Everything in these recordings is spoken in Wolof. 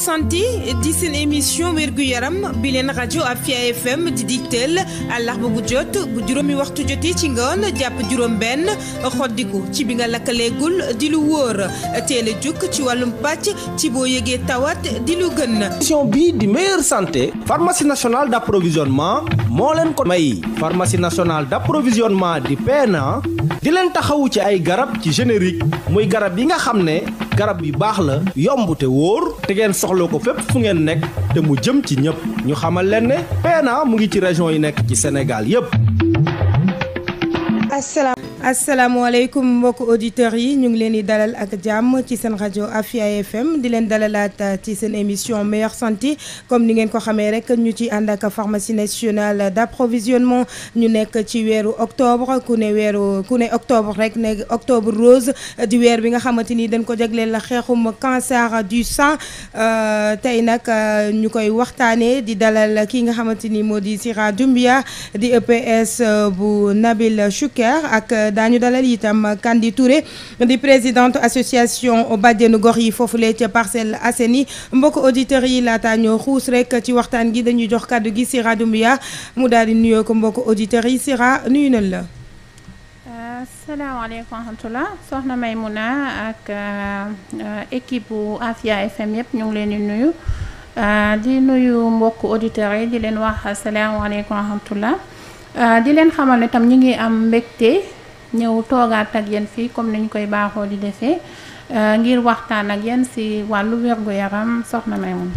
santé di seen émission wérgu yaram bi leen rajo Afia FM di digteel àllarba bu jot bu juróomi waxtu jotee ci ngoon jàpp juróom-benn xoddiku ci bi nga lakkaleegul di lu wóor teel a jukk ci wàllum pàcc ci boo yëgee tawat di lu gën. émission bi di meilleure santé. pharmacie nationale d'approvisionnement moo leen ko may. pharmacie nationale d'approvisionnement di PNA di leen taxawu ci ay garab ci générique muy garab yi nga xam ne. garab yu baax la yomb te wóor te ngeen soxla ko fépp fu ngeen nekk te mu jëm ci ñëpp ñu xamal leen ne PNA mu ngi ci région yi nekk ci Sénégal yépp asalaamaaleykum mbokk auditeurs yi ñu ngi leen di dalal ak jàmm ci seen rajo Afia FM di leen dalalaat ci seen émission meilleure santé comme ni ngeen ko xamee rek ñu ci ànd ak pharmacie nationale d' approvisionnement ñu nekk ci weeru octobre ku ne weeru ku ne octobre rek ne octobre rose di weer bi nga xamante ni dañ ko jagleel la xeexum cancer du sang euh, tey nag euh, ñu koy waxtaanee di dalal ki nga xamante ni moo di Sira Doumbia di EPS euh, bu Nabil Choucair ak. daañu dalal itam Kandi Touré di présidente association bàjjenu gox yi foofu foofule ca parcelle Parcelles Assainies mbokk auditeurs yi laata ñoo xuus rek ci waxtaan gi dañuy jox kàddu gi Sira Doumbouya mu daal di nuyoo ko mbokk auditeurs yi Sira nuyu nañ la. asalaamaaleykum wa rahmatulah soxna Maymuna ak euh, équipe bu Afia FM yëpp ñu ngi leen di nuyu euh, di nuyu mbokk auditeurs yi di leen wax asalaamaaleykum wa rahmatulah euh, di leen xamal ne tam ñu ngi am mbégte. ñëw toogaat ak yéen fii comme nañ koy baaxoo di defee euh, ngir waxtaan ak yéen si wàllu wergu yaram soxna Maimouna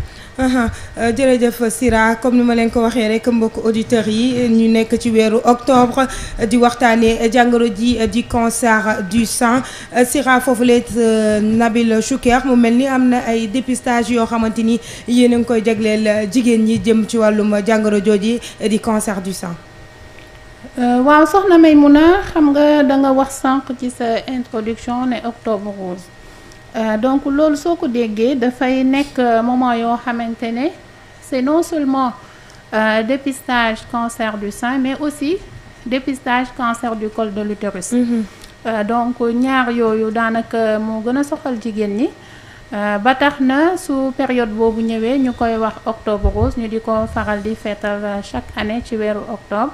euh, jërëjëf Sira comme ni ma leen ko waxee rek mbokk auditeurs yi ñu nekk ci weeru octobre euh, di waxtaanee jàngoro ji di cancer du sang Sira foofu leet Nabil Chouker mu mel ni am na ay dépistage yoo xamante ni yéen a ngi koy jagleel jigéen ñi jëm ci wàllum jàngoro jooji di cancer du sang. Euh, waaw soxna a xam nga da nga wax sànq ci sa introduction ne octobre rose euh, donc loolu soo ko déggee dafay nekk moment yoo xamante ne c'est non seulement euh, dépistage cancer du sein mais aussi dépistage cancer du cole de l'utérus mm-hmm. donc ñaar yooyu daanaka moo gën a soxal jigéen ñi ba tax na su période boobu ñëwee ñu koy wax octobre rose ñu di ko faral di feetal chaque année ci weeru octobre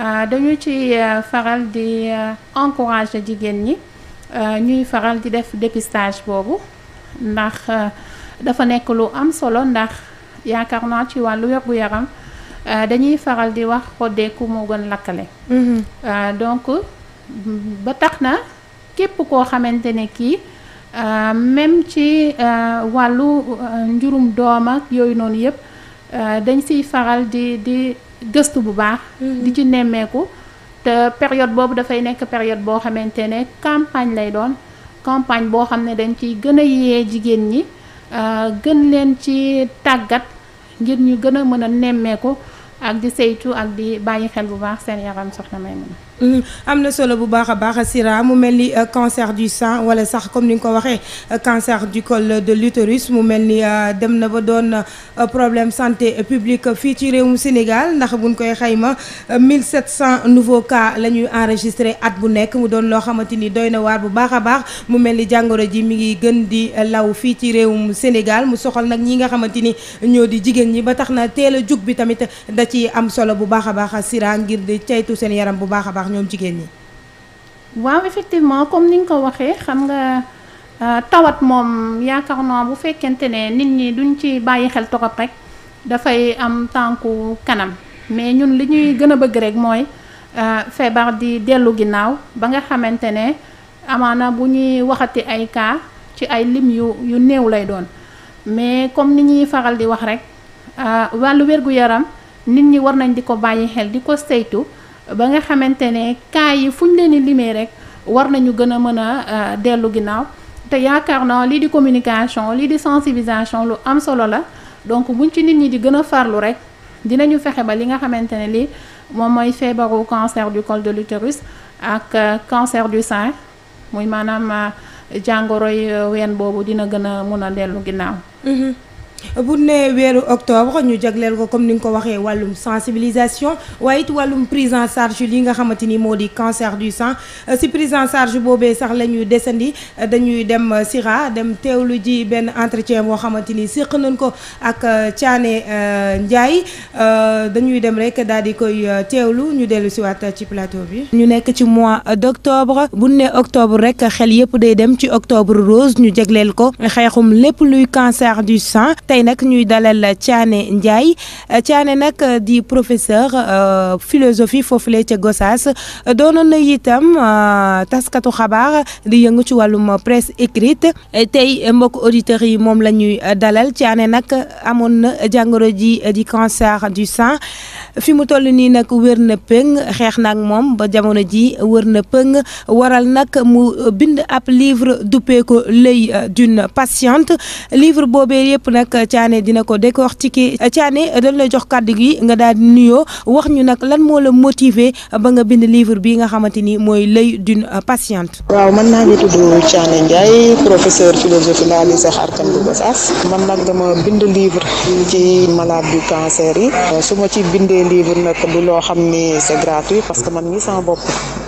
Euh, dañu ci euh, faral di euh, encourager jigéen ñi ñuy faral di def dépistage boobu ndax dafa nekk lu am solo ndax yaakaar naa ci wàllu wérgu yaram dañuy faral di wax xoddeeku moo gën lakkale mm-hmm. donc ba tax na képp koo xamante ne kii même ci wàllu njurum doom ak yooyu noonu yëpp dañ siy faral di di gëstu bu baax. Mm-hmm. di ci nemmeeku te période boobu dafay nekk période boo xamante ne campagne lay doon campagne boo xam ne dañ ciy gën a yee jigéen ñi euh, gën leen ci tàggat ngir ñu gën a mën a nemmeeku ak di saytu ak di bàyyi xel bu baax seen yaram soxna Maymuna Mm-hmm. am na solo bu baax a baax Sira mu mel ni euh, cancer du sein wala sax comme ni nga ko waxee euh, cancer du col de l'utérus mu mel ni euh, dem na ba doon problème santé publique fii ci réew mu Sénégal ndax buñ koy xayma 1700 nouveaux cas la ñuy enregistré at bu nekk mu doon loo xamante ni doy na waar bu baax a baax mu mel ni jàngoro ji mi ngi gën di law fii ci réew réewum Sénégal mu soxal nag ñi nga xamante ni ñoo di jigéen ñi ba tax na teel a jug bi tamit da ci am solo bu baax a baax Sira ngir di caytu seen yaram bu baax a baax. ñoom jigéen ñi. waaw effectivement comme ni nga ko waxee xam nga euh, tawat moom yaakaar naa bu fekkente ne nit ñi duñ ci bàyyi xel torop rek dafay am tànku kanam mais ñun li ñuy gën a bëgg rek mooy euh, feebar di dellu ginnaaw ba nga xamante ne amaana bu ñuy waxati ay cas ci ay lim yu yu néew lay doon mais comme ni ñuy faral di wax rek euh, wàllu wérgu yaram nit ñi war nañ di ko bàyyi xel di ko saytu. ba nga xamante ne cas yi fu ñu leen di limee rek war nañu gën a mën a euh, dellu ginnaaw te yaakaar naa lii di communication lii di sensibilisation lu am solo la donc buñ ci nit ñi di gën a farlu rek dinañu fexe ba li nga xamante ne lii moom mooy feebaru cancer du col de l'utérus ak euh, cancer du sein muy maanaam euh, jàngoroy ween boobu dina gën a mun a dellu ginnaaw. Mm-hmm. bu ne weeru octobre ñu jagleel ko comme ni nga ko waxee wàllum sensibilisation waaye it wàllum prise en charge li nga xamante ni moo di cancer du sang si prise en charge boobee sax la ñuy desandi dañuy dem Sira dem teewlu ji benn entretien boo xamante ni séq nañ ko ak euh, Thiané euh, Ndiaye euh, dañuy dem rek daal di koy teewlu ñu dellu si waat ci plateau bi. ñu nekk ci mois d' bu ne octobre rek xel yëpp day dem ci octobre rose ñu jagleel ko xeexum lépp luy cancer du tey nag ñuy dalal Thiané Ndiaye euh, Thiané nag euh, di professeur foofu euh, foofule ca Gossas doonoon na itam taskatu xabaar di yëngu ci wàllum presse écrite tey mbokk auditeurs yi moom la ñuy dalal Thiané nag amoon na jàngoro ji di cancer di sang fi mu toll nii nag wër na pëng xeex nag moom ba jamono ji wër na pëng waral nag mu bind ab livre duppee ko l'œil d'une patiente livre boobe yëpp nag Thiané dina ko ci décortiquer Thiané dañ la jox kàddu gi nga daal di nuyoo wax ñu nag lan moo la motiver ba nga bind livre bi nga xamante ni mooy l'œil d'une patiente. waaw man maa ngi tudd Thiané Ndiaye professeur philosophie laa lycée Kharkam bu Gossas man nag dama bind livre ci malade du cancer yi euh, su ma ci bindee livre nag du loo xam ni c'est gratuit parce que man mii sama bopp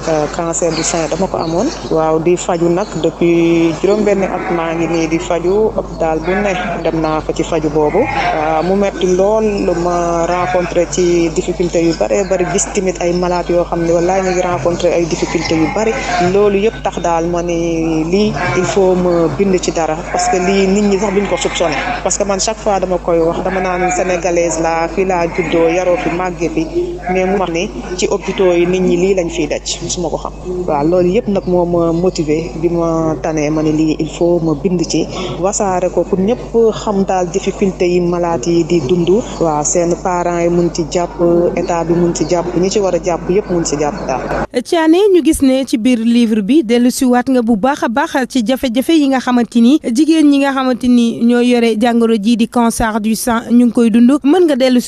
euh, cancer du sein dama ko amoon waaw di faju nag depuis juróom-benn at maa ngi nii di faju hôpital bu ne dem naa fa ci ci faju boobu ah, mu metti lool ma rencontré ci difficulté yu bare bari gis tamit ay malade yoo xam ne wallaay ñu ngi rencontré ay difficulté yu bari loolu yëpp tax daal ma ne lii il faut ma bind ci dara parce que lii nit ñi sax duñ ko soupçonné parce que man chaque fois dama koy wax dama naan sénégalaise la laa juddoo yaroo fi màggee fi mais mu ci hôpitaux yi nit ñi lii lañ fiy daj su ma ko xam waaw loolu yëpp nag moo ma motivé bi ma tanee ma ne lii il faut ma bind ci wasaare ko pour ñëpp xam daal difficulté yi malade yi di dund waaw seen parents yi mun ci jàpp état bi mun ci jàpp ñi ci war a jàpp yëpp mun ci jàpp daal. Thiané ñu gis ne ci biir livre bi dellu siwaat nga bu baax a baax ci jafe-jafe yi nga xamante ni jigéen ñi nga xamante ni ñoo yore jàngoro jii di cancer du sang ñu ngi koy dund mën nga dellu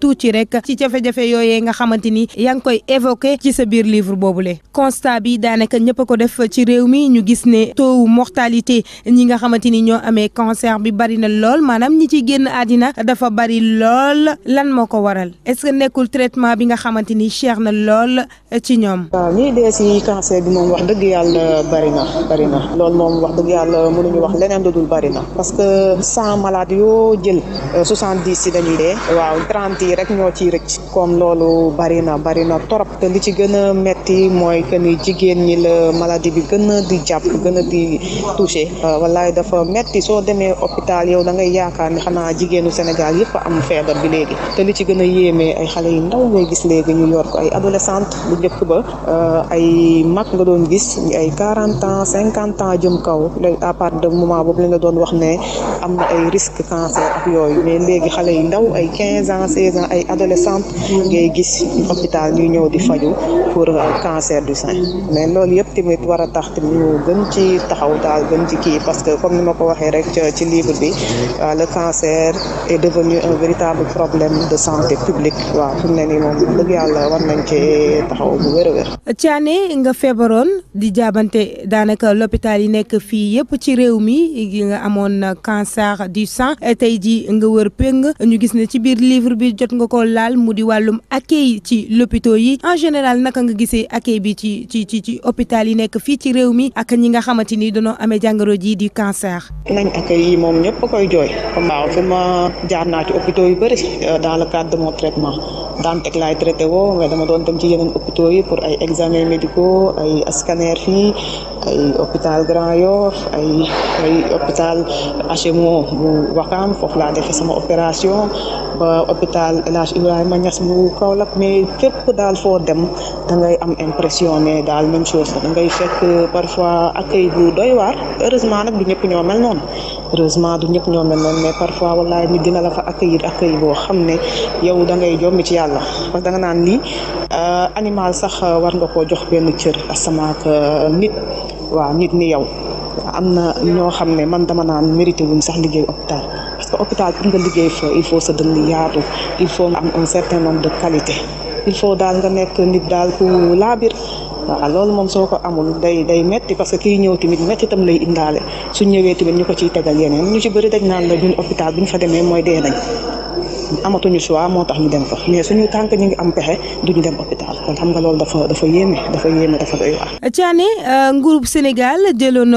tu ci rek ci jafe-jafe yooyee nga xamante ni yaa ngi koy évoqué ci sa biir livre boobule constat bi daanaka ñëpp a ko def ci réew mi ñu gis ne taux mortalité ñi nga xamante ni ñoo amee cancer bi bari na lool maanaam ñi ci génn àddina dafa bari lool lan moo ko waral est-ce que nekkul traitement bi nga xamante ni cher na lool ci ñoom. waaw ñiy dee si cancer bi moom wax dëgg yàlla bari na bari na loolu moom wax dëgg yàlla mënuñu wax leneen da dul bari na parce que cent malades yoo jël euh, soixante di si dañuy dee waaw trente yi rek ñoo ciy rëcc comme loolu bari na bari na torop te li ci gën a metti mooy que ni jigéen ñi la maladie bi gën a di jàpp gën di touché euh, wallaay dafa metti yow yaakaar ni xanaa jigéenu Sénégal yëpp am feebar bi léegi te li ci gën a yéemee ay xale yu ndaw ngay gis léegi ñu yor ko ay adolescente bu njëkk ba euh, ay mag nga doon gis ay quarante ans cinquante ans jëm kaw à part de moment boobu li nga doon wax ne am na ay risque cancer ak yooyu mais léegi xale yu ndaw ay quinze ans seize ans ay adolescente ngay gis hôpital ñuy ñëw di faju pour euh, cancer du sein mais loolu yëpp tamit war a tax ñu gën ci taxaw daal gën ci kii parce que comme ni ma ko waxee rek ci livre bi euh, le cancer est devenu un véritable problème de santé publique waaw yàlla war nañ cee nga feebaroon di jaabante daanaka l'hôpital yi nekk fii yëpp ci réew mi nga amoon cancer du sang tey ji nga wër péng ñu gis ne ci biir livre bi jot nga ko laal mu di wàllum accueil ci l'hôpital yi en général naka nga gisee accueil bi ci ci ci ci hôpital yi nekk fii ci réew mi ak ñi nga xamante ni dañoo amee jàngoro ji di cancer. nañ accueil yi moom ñëpp koy jooy. waaw fi ma jaar naa ci hôpitaux yu bëri euh, dans le cadre de mon traitement daan teg laay traité woo mais dama doon dem ci yeneen hôpitaux yi pour ay examens médicaux ay scanner fii ay hôpital Grand Yoff ay ay hôpital HMO bu Wakam foofu laa defee sama opération ba hôpital El Hadj Ibrahima Niass bu Kaolack mais fépp daal foo dem da ngay am impression ne daal même chose da ngay fekk parfois accueil bu doy waar heureusement nag du ñëpp ñoo mel noonu. heureusement du ñëpp ñoo mel noonu mais parfois wallaay nit dina la fa accueillir accueil boo xam ne yow da ngay jommi ci yàlla parce que da naan ni euh, animal sax euh, war nga koo jox benn cër sama ak euh, nit waaw nit ni yow am na ñoo xam ne man dama naan mérité wuñ sax liggéey hôpital parce que hôpital pour nga liggéey fa il faut sa dënn yaatu il faut nga am un certain nombre de qualité il faut daal nga nekk nit daal ku laabir waaw loolu moom soo ko amul day day metti parce que kii ñëw tamit metti tam lay indaale su ñëwee tamit ñu ko ciy tegal yeneen ñu ci bëri dañ naan la ñun hôpital bu ñu fa demee mooy dee nañ amatuñu choix moo tax ñu dem fa mais suñu tànk ñu ngi am pexe duñu dem hôpital kon xam nga loolu dafa dafa yéeme dafa yéeme dafa doy waar. Thiané euh, nguurub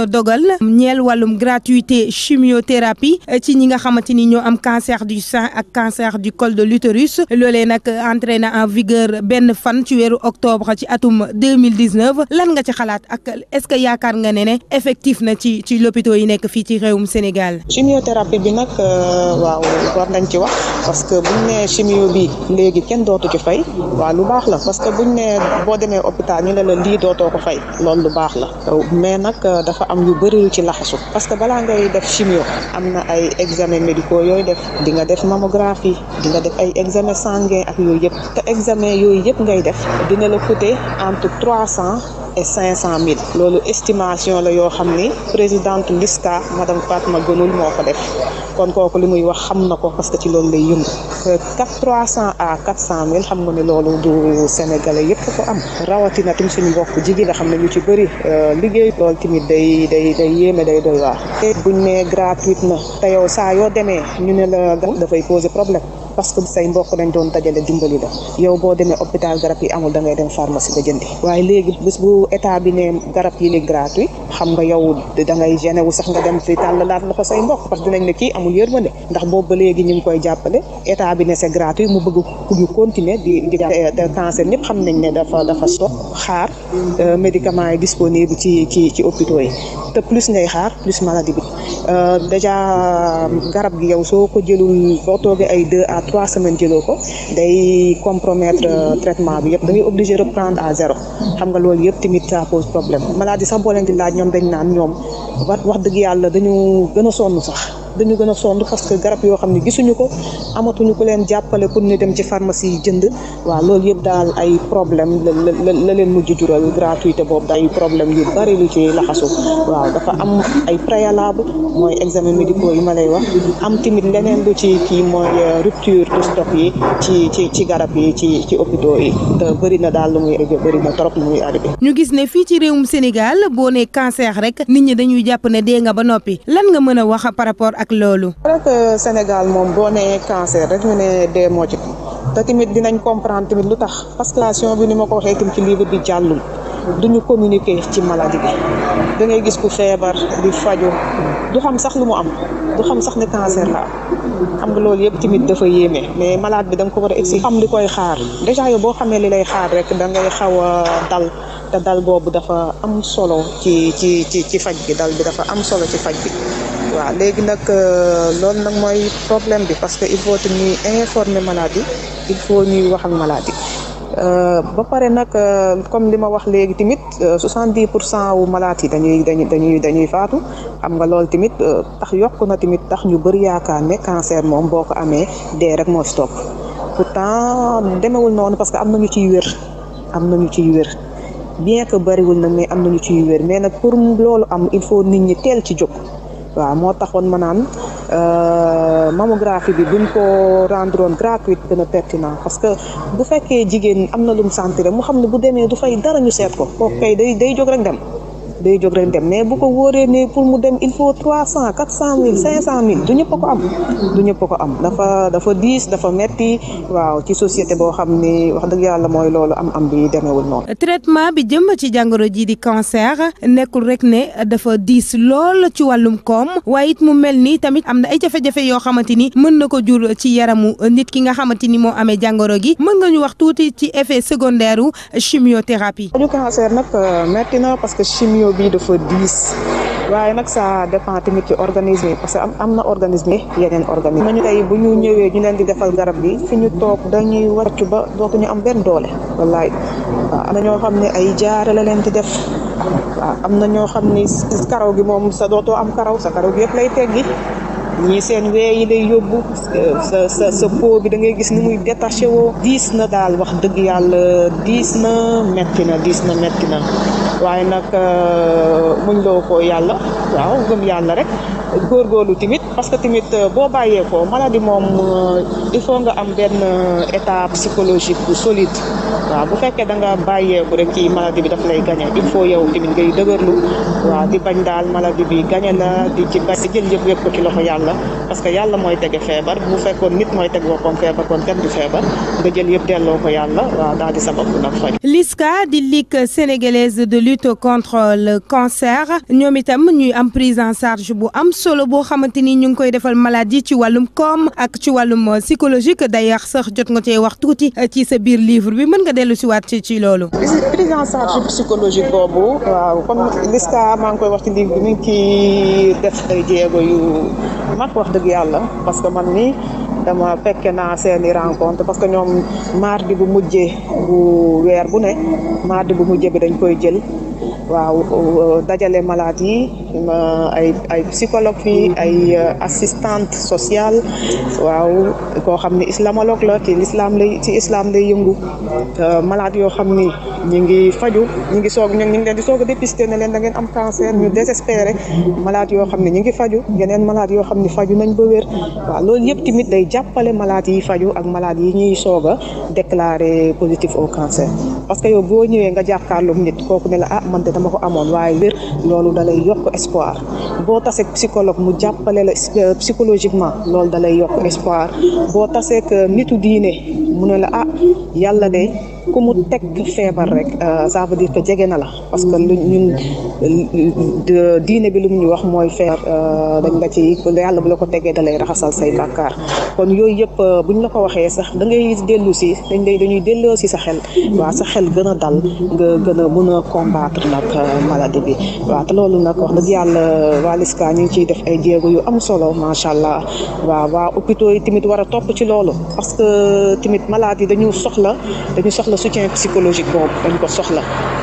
dogal ñeel wàllum gratuité chimiothérapie euh, ci ñi nga xamante ni ñoo am cancer du sein ak cancer du col de l'utérus loolee nag entré na en vigueur benn fan ci weeru octobre ci atum deux mille dix-neuf lan nga ci xalaat ak est-ce que yaakaar nga ne ne effectif na ci ci l'hôpitaux yi nekk fii ci réewum Sénégal. chimiothérapie bi nag euh, waaw war nañ ci wax. parce que buñ nee chimio bi léegi kenn dootu ci fay waaw lu baax la parce que buñ nee boo demee hôpital ñu ne la lii dootoo ko fay loolu lu baax la mais nag euh, dafa am yu bëri lu ci laxasu parce que balaa ngay def chimio am na ay examen médicaux yooyu def di nga def mammographie di nga def ay examen sanguin ak yooyu yëpp te yooyu yëpp ngay def dina la coûter entre trois cent et cent mille loolu estimation la yoo xam ni présidente LISCA madame ma Guenoul moo ko def kon kooku li muy wax xam na ko parce que ci loolu lay yëngu quatre trois cent à quatre cent mille xam nga ne loolu du sénégalais yëpp ko am rawatina tum suñu mbokk jigéen nga xam ne ñu ci bëri euh, liggéey loolu tamit day day day yéeme day doy waar buñ ne gratuite na te yow saa yoo demee ñu ne la dafay poser problème parce que say mbokk dañ doon dajale dimbali la yow boo demee hôpital garab yi amul da ngay dem pharmacie ba jëndi waaye léegi bés bu état bi ne garab yi ni gratuit xam nga yow da ngay gêné wu sax nga dem fi tàllalaat loxo say mbokk parce que dinañ ne kii amul yërmande ndax boobu ba léegi ñu koy jàppale état bi ne c'est gratuit mu bëgg ku ñu continuer di di eh, cancer ñëpp xam nañ ne dafa dafa xaar euh, médicament yi disponible ci ci ci hôpitaux yi te plus ngay xaar plus maladie bi euh, déjà gi yow soo à trois semaines jëloo ko day compromettre mm-hmm. euh, traitement bi yëpp da ngay obligé reprendre à zéro xam nga loolu yëpp tamit ça pose problème maladie sax boo leen di laaj ñoom dañ naan ñoom wax dëgg yàlla dañu gën a sonn sax dañu gën a sonn parce que garab yoo xam ne gisuñu ko amatuñu ku leen jàppale pour ñu dem ci pharmacie yi jënd waaw loolu yëpp daal ay problème la la leen mujj jural gratuité boobu day problème yu bari lu ci laxasu waaw dafa am ay préalable mooy examen médicaux yi ma lay wax am tamit leneen lu ci kii mooy euh, rupture de yi ci ci ci garab yi ci ci hôpitaux yi te bëri na daal lu muy arrivé bëri na trop lu muy arrivé. ñu gis ne fii ci réewum Sénégal boo nee cancer rek nit ñi dañuy jàpp ne dee nga ba noppi lan nga mën wax par ak loolu. rek Sénégal moom boo nee cancer rek ñu ne dee moo ci te tamit dinañ comprendre tamit lu tax parce que bi ni ma ko waxee ci livre bi jàllul. du ñu communiquer ci maladie bi da ngay gis ku feebar di faju du xam sax lu mu am du xam sax ne cancer la am xam nga loolu yëpp tamit dafa yéeme mais malaat bi da nga ko war a egsi xam li koy xaar déjà yow boo xamee li lay xaar rek da ngay xaw a dal te dal boobu dafa am solo ci ci ci ci faj bi dal bi dafa am solo ci faj bi waaw léegi nag euh, loolu nag mooy problème bi parce que il faut que ñuy informer malade yi il faut ñuy wax ak yi Euh, ba pare nag euh, comme li ma wax léegi tamit euh, soixante dix pour cent wu malaat yi dañuy dañuy dañuy faatu xam nga loolu tamit tax yokku na tamit tax ñu bëri yaakaar ne cancer moom boo ko amee dee rek moo stock topp pourtant demewul noonu parce que am nañu ciy wér am na ñu ciy wér bien que bariwul na mais am na ñu ciy wér mais nag pour loolu am il faut nit ñi teel ci jóg. waaw moo taxoon ma naan euh, mammographie bi buñ ko rendre gratuite gën a pertinant parce que bu fekkee jigéen am na lum sentir mu xam ne bu demee du fay dara ñu seet ko kooku day day jóg rek dem. day jóg rek dem mais bu ko wóoree ne pour mu dem il faut trois du ñëpp a ko am du ñëpp a ko am dafa dafa diis dafa metti waaw ci société boo xam ni wax dëgg yàlla mooy loolu am am bi demeewul noonu. traitement bi jëm ci jàngoro ji di cancer nekkul rek ne dafa diis lool ci wàllum koom waaye it mu mel ni tamit am na ay jafe-jafe yoo xamante ni mën na ko jur ci yaramu nit ki nga xamante ni moo amee jàngoro gi mën nga ñu wax tuuti ci effet secondaire u chimiothérapie. cancer nag euh, metti niveau bi dafa diis waaye nag ça dépend tamit ci organisme yi parce que am am na organisme yeneen organisme ñu tey bu ñu ñëwee ñu leen di defal garab bi fi ñu toog dañuy wàccu ba dootuñu am benn doole wallaay waaw am na ñoo xam ne ay jaare la leen di def waaw am na ñoo xam ne karaw gi moom sa dootoo am karaw sa karaw gi yëpp lay teggi ñii seen wee yi lay yóbbu sa sa sa peau bi da ngay gis ni muy détaché woo diis na daal wax dëgg yàlla diis na metti na diis na metti na waaye nag euh, muñ loo ko yàlla waaw gëm yàlla rek góorgóorlu timit parce que timit euh, boo bàyyee ko maladie moom euh, il faut nga am benn euh, état psychologique bu solide waaw bu fekkee da nga bàyyeeku rek ci maladie bi daf lay gagné il faut yow timit ngay dëgërlu waaw di bañ daal maladie bi gagné la di ci bañ di jël yëpp yëpp ko ci loxo yàlla parce que yàlla mooy tege feebar bu fekkoon nit mooy teg boppam feebar kon kenn du feebar nga jël yëpp delloo ko yàlla waaw daal di sa bopp nag faj. LISCA di ligue sénégalaise de lutte solo boo xamante ni ñu ngi koy defal malade yi ci wàllum kom ak ci wàllum day d'ailleurs sax jot nga cee wax tuuti eh, ci sa biir livre bi mën nga dellu si waat ci ci loolu. prise en charge boobu. waaw comme Liska maa ngi koy wax ci livre bi mi ngi ci def ay jéego yu mag wax dëgg yàlla parce que man ni dama fekke naa seeni rencontre parce que ñoom mardi bu mujje bu weer bu ne mardi bu mujjee bi dañ koy jël waaw euh, dajale malade yi ay ay islamologue fii ay euh, assistante sociale waaw koo xam ne islamologue la ci l'islam lay ci islam lay yëngu euh, malade yoo xam ni ñi ngi faju ñi ngi soog ñu leen di soog a dépister ne leen da ngeen am cancer ñu désespéré malaat yoo xam ne ñi ngi faju yeneen malade yoo xam ne faju nañ ba wér waaw loolu yëpp tamit day jàppale malaat yi faju ak malaat yi ñuy soog a déclaré positif au cancer parce que yow boo ñëwee nga jàkkaarloog nit kooku ne la ah man de dama ko amoon waaye wér loolu dalay psychologue mu jàppale la euh, psychologiquement loolu dalay yokk espoir boo taseek nitu diine mu ne la ah yàlla de ku mu teg feebar rek euh, ça veut que jege na la parce que lu ñun diine bi lu mu ñu wax mooy feebar euh, dañ la ci yàlla bu la ko tegee dalay raxasal say bàkkaar kon yooyu yëpp euh, ñu la ko waxee sax dangay ngay dellu si dañ lay dañuy delloo si sa xel waa sa xel gën a dal nga gën a mën a combattre nag maladie bi waaw te loolu nag wax dëgg yàlla waaliska ñu ngi ciy def ay jéego yu am solo macha allah waaw waa hôpitaux yi tamit topp ci loolu parce que tamit maladie dañu soxla dañu soxla soutien psychologique boobu dañ ko soxla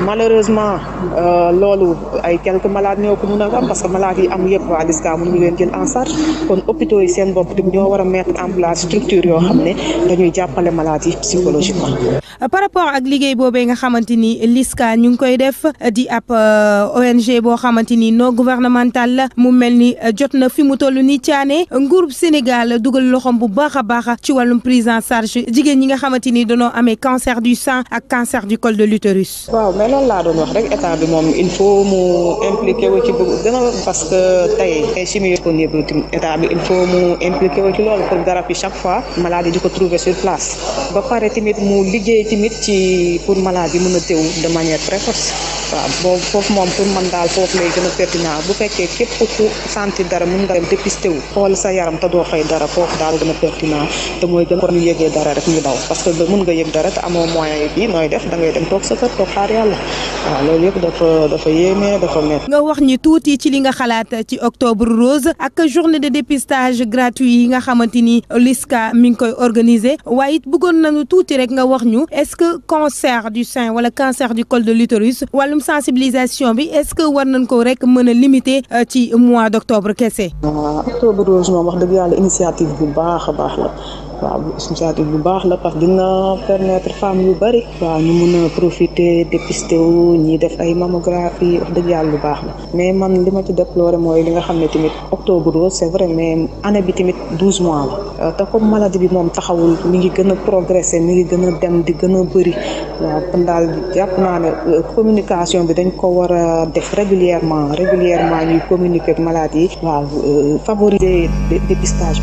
malheureusement euh, loolu ay quelques malades ñoo ko mun a am parce que malades yi am yëpp waa LISCA mënuñu leen jël en charge kon hôpitaux yi seen bopp tamit ñoo war a mettre en place structure yoo xam ne dañuy jàppale malades yi psychologiquement. par rapport ak liggéey boobee nga xamante ni LISCA ñu ngi koy def di ab euh, ONG boo xamante ni non gouvernemental la mu mel ni euh, jot na fi mu toll nii caane nguurub Sénégal dugal loxoom bu baax a baax ci wàllum prise en charge jigéen ñi nga xamante ni dañoo amee cancer du sein ak cancer du col de l'utérus waaw mais laa doon wax rek état bi moom il faut mu impliqué wu ci bu gën parce que tey ay chimie yëppoon yëpp état bi il faut mu impliqué wu ci loolu yi chaque fois maladie di ko trouver sur place ba pare tamit mu liggéey tamit ci pour maladie mën a teew de manière précoce waaw boobu foofu moom pour man daal foofu lay gën a pertinent bu fekkee képp ku sentir dara mën nga dem dépisté wu xool sa yaram te doo xëy dara foofu daal gën a pertinent te mooy gën a kon ñu dara rek ñu daw parce moyen bi nooy def da ngay dem toog sa toog xaar yàlla waaw loolu yëpp dafa dafa dafa métti. nga wax ñi tuuti ci li nga xalaat ci octobre rose ak journée de dépistage gratuit yi nga xamante ni LISCA mi ngi koy organiser waaye it bëggoon nañu tuuti rek nga wax ñu est-ce que cancer du sein wala cancer du col de l'utérus wàllum sensibilisation bi est-ce que war nañ ko rek mën a limiter euh, ci mois d'octobre kese. waaw ah, rose moom wax dëgg yàlla initiative bu baax a baax waaw initiative bu baax la parce que dina permettre femmes yu bari waaw ñu mun a profiter dépister wu ñi def ay mammographie wax dëgg yàlla lu baax la mais man li ma ci déplorer mooy li nga xam ne tamit octobre rose c'est vrai mais année bi tamit douze mois la euh, te comme maladie bi moom taxawul mi ngi gën a progresser mi ngi gën a dem di gën a bëri waaw kon daal jàpp naa ne euh, communication bi dañ ko war a def régulièrement régulièrement ñuy communiquer ak yi waaw euh, favoriser dépistage.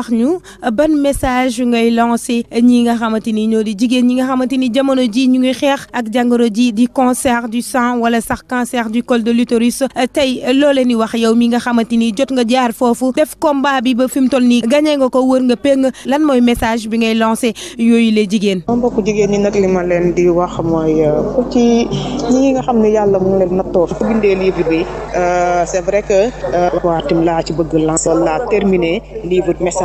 wax ñu euh, ban message ngay lancé euh, ñi nga xamante ni ñoo di jigéen ñi nga xamante ni jamono ji ñu ngi xeex ak jàngoro ji di cancer du sang wala sax cancer du col de l'utérus euh, tey loo leen di wax yaw mi nga xamante ni jot nga jaar foofu def combat bi ba fi mu toll nii gagné nga ko wër nga péng lan mooy message bi ngay lancé yooyu la jigéen. ma mbokk jigéen ñi nag li ma leen di wax mooy ku ci ñi nga xam ne yàlla mu leen nattoor. bindee livre bi c'est vrai que. waa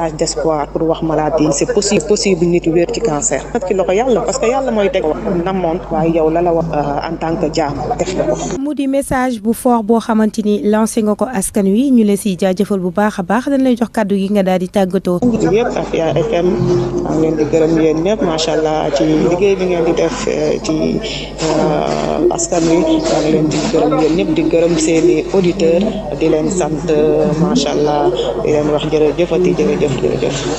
message d' espoir pour wax malade yi c'est possible possible nit wér ci cancer nag ci loxo yàlla parce que yàlla mooy teg wax namoon waaye yow la la wax euh, en tant que jaam mu di message bu fort boo xamante lancé nga ko askan wi ñu la siy jaajëfal bu baax a baax dañ jox kàddu gi nga daal di tàggatoo yëpp Afia FM maa ngi di gërëm yéen ñëpp macha allah ci liggéey bi ngeen di def euh, ci euh, askan wi maa ngi leen di gërëm yéen ñëpp di gërëm seeni auditeur di leen sant macha allah di leen wax jërëjëfati jërëjëf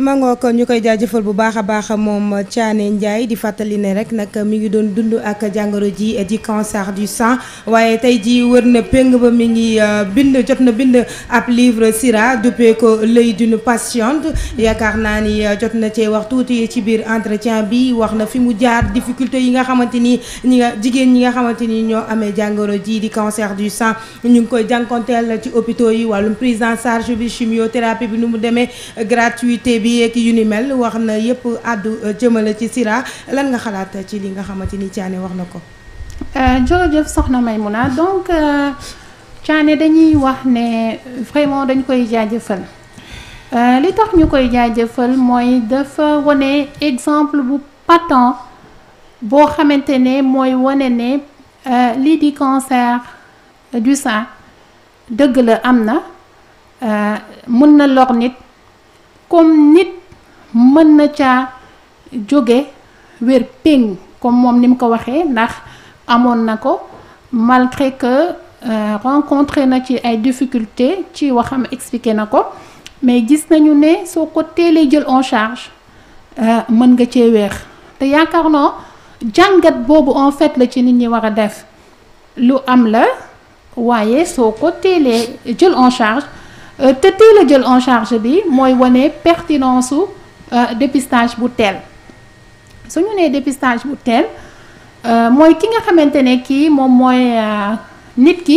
mangoo ko ñu koy jëfal bu baax a moom Thiané Ndiaye di fàttali ne rek nag mi ngi doon dund ak jàngoro ji di cancer du sang waaye tey ji wër na peng ba mi ngi euh, bind jot na bind ab livre sira duppee ko l'œil d'une patiente yaakaar naa ni euh, jot na cee wax tuuti ci biir entretien bi wax na fi mu jaar difficulté yi nga xamante ni ñi nga jigéen ñi nga xamante ni ñoo amee jàngoro ji di cancer du sang ñu ngi koy jànkonteel ci hôpitaux yi wàllum prise bi chimiothérapie mu demee bi yu ni mel wax na yëpp àddu euh, jëmale ci Sira lan nga xalaat ci li nga xamante ni Thiané wax na ko. Euh, jërëjëf soxna Maymuna donc euh, Thiané dañuy wax ne vraiment dañ koy jaajëfal li tax ñu koy jaajafal mooy dafa wane exemple bu patent boo xamante ne mooy wane ne lii di cancer du sein dëgg la am na mën na lor nit. comme nit mën na caa jóge wér péng comme moom ni mu ko waxee ndax amoon na ko malgré que euh, rencontré na ci ay difficultés ci waxam expliqué na ko mais gis nañu ne soo ko téelee jël en charge euh, mën nga cee weex te yaakaar noo jàngat boobu en fait la ci nit ñi war a def lu am la waaye soo ko téelee jël en charge Euh, te teel a jël en charge bi mooy wane pertinence su euh, dépistage bu teel su ñu nee dépistage bu teel euh, mooy ki nga xamante ne kii moom mooy nit ki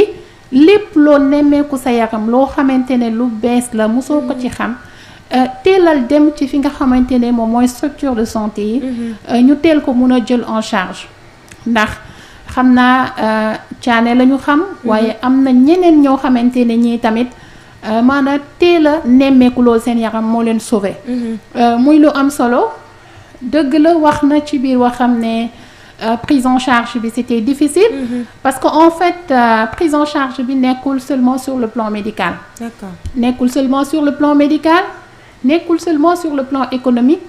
lépp loo nemmeeku sa yaram loo xamante ne lu bees la mosoo ko ci xam teelal dem ci fi nga xamante ne moom mooy structure de santé yi. Mhm. ñu teel ko mun a jël en charge ndax. xam naa caane la xam waaye mhm. am na ñeneen ñoo xamante ne ñii tamit Euh, maanaam teel a nemmeeku loolu seen yaram moo leen sauvé. Mhm. Euh, muy lu am solo dëgg la wax na ci biir waxam ne euh, prise en charge bi c'était difficile. Mhm. parce que en fait euh, prise en charge bi nekkul seulement sur le plan médical. d'accord nekkul seulement sur le plan médical nekkul seulement sur le plan économique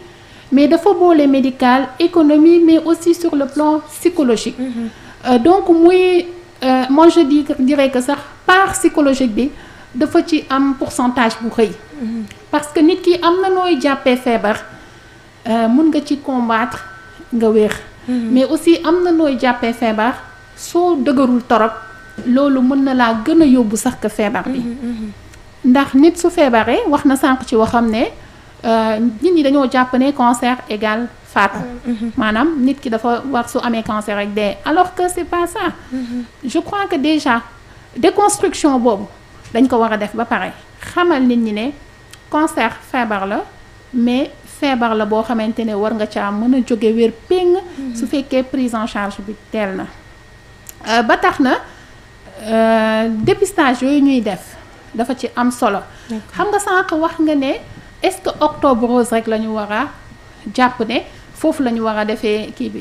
mais dafa boole médical économie mais aussi sur le plan psychologique. Mhm. donc muy euh, moi je dis que sax part psychologique bi. dafa ci am pourcentage bu rëy. parce que nit kii am na nooy jàppee feebar euh, mun nga ci combattre nga wér. mais aussi am na nooy jàppee feebar soo dëgërul torop loolu mën na laa gën a yóbbu sax ka feebar bi. ndax nit su feebaree wax na sànq ci waxam ne euh, nit ñi dañoo jàpp ne cancer égal faatu. maanaam nit ki dafa war su amee cancer rek dee alors que c'est pas je crois que déjà déconstruction boobu. dañ ko war a def ba pare xamal nit ñi ne cancer feebar la mais feebar la boo xamante ne war nga caa mën a jóge wér péng mm-hmm. su fekkee prise en charge bi teel na euh, ba tax na euh, dépistage yooyu ñuy def dafa ci am solo xam nga sànq wax nga ne est-ce que octobre rose rek la ñu war a jàpp ne foofu la ñu war a defee kii bi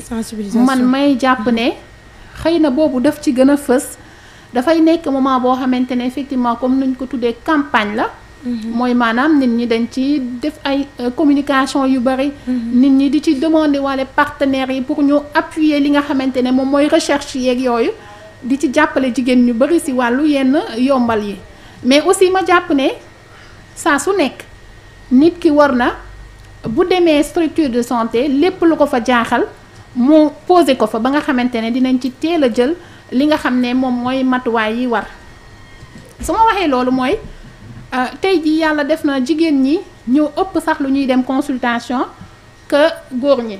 man may jàpp ne mm-hmm. xëy na boobu daf ci gën a fës dafay nekk moment boo xamante ne effectivement comme nuñ ko tuddee campagne la mhm. mooy maanaam nit ñi dañ ci def ay euh, communication yu bëri mhm. nit ñi di ci demander wala partenaires yi pour ñu appuyer li nga xamante ne moom mooy recherche yeeg yooyu di ci jàppale jigéen ñu bëri si wàllu yenn yombal yi mais aussi ma jàpp ne saa su nekk nit ki war na bu demee structure de santé lépp lu ko fa jaaxal mu posé ko fa ba nga xamante ne dinañ ci teel a jël li nga xam ne moom mooy matuwaay yi war su ma waxee loolu mooy euh, tey ji yàlla def na jigéen ñi ñëw ëpp sax lu ñuy dem consultation que góor ñi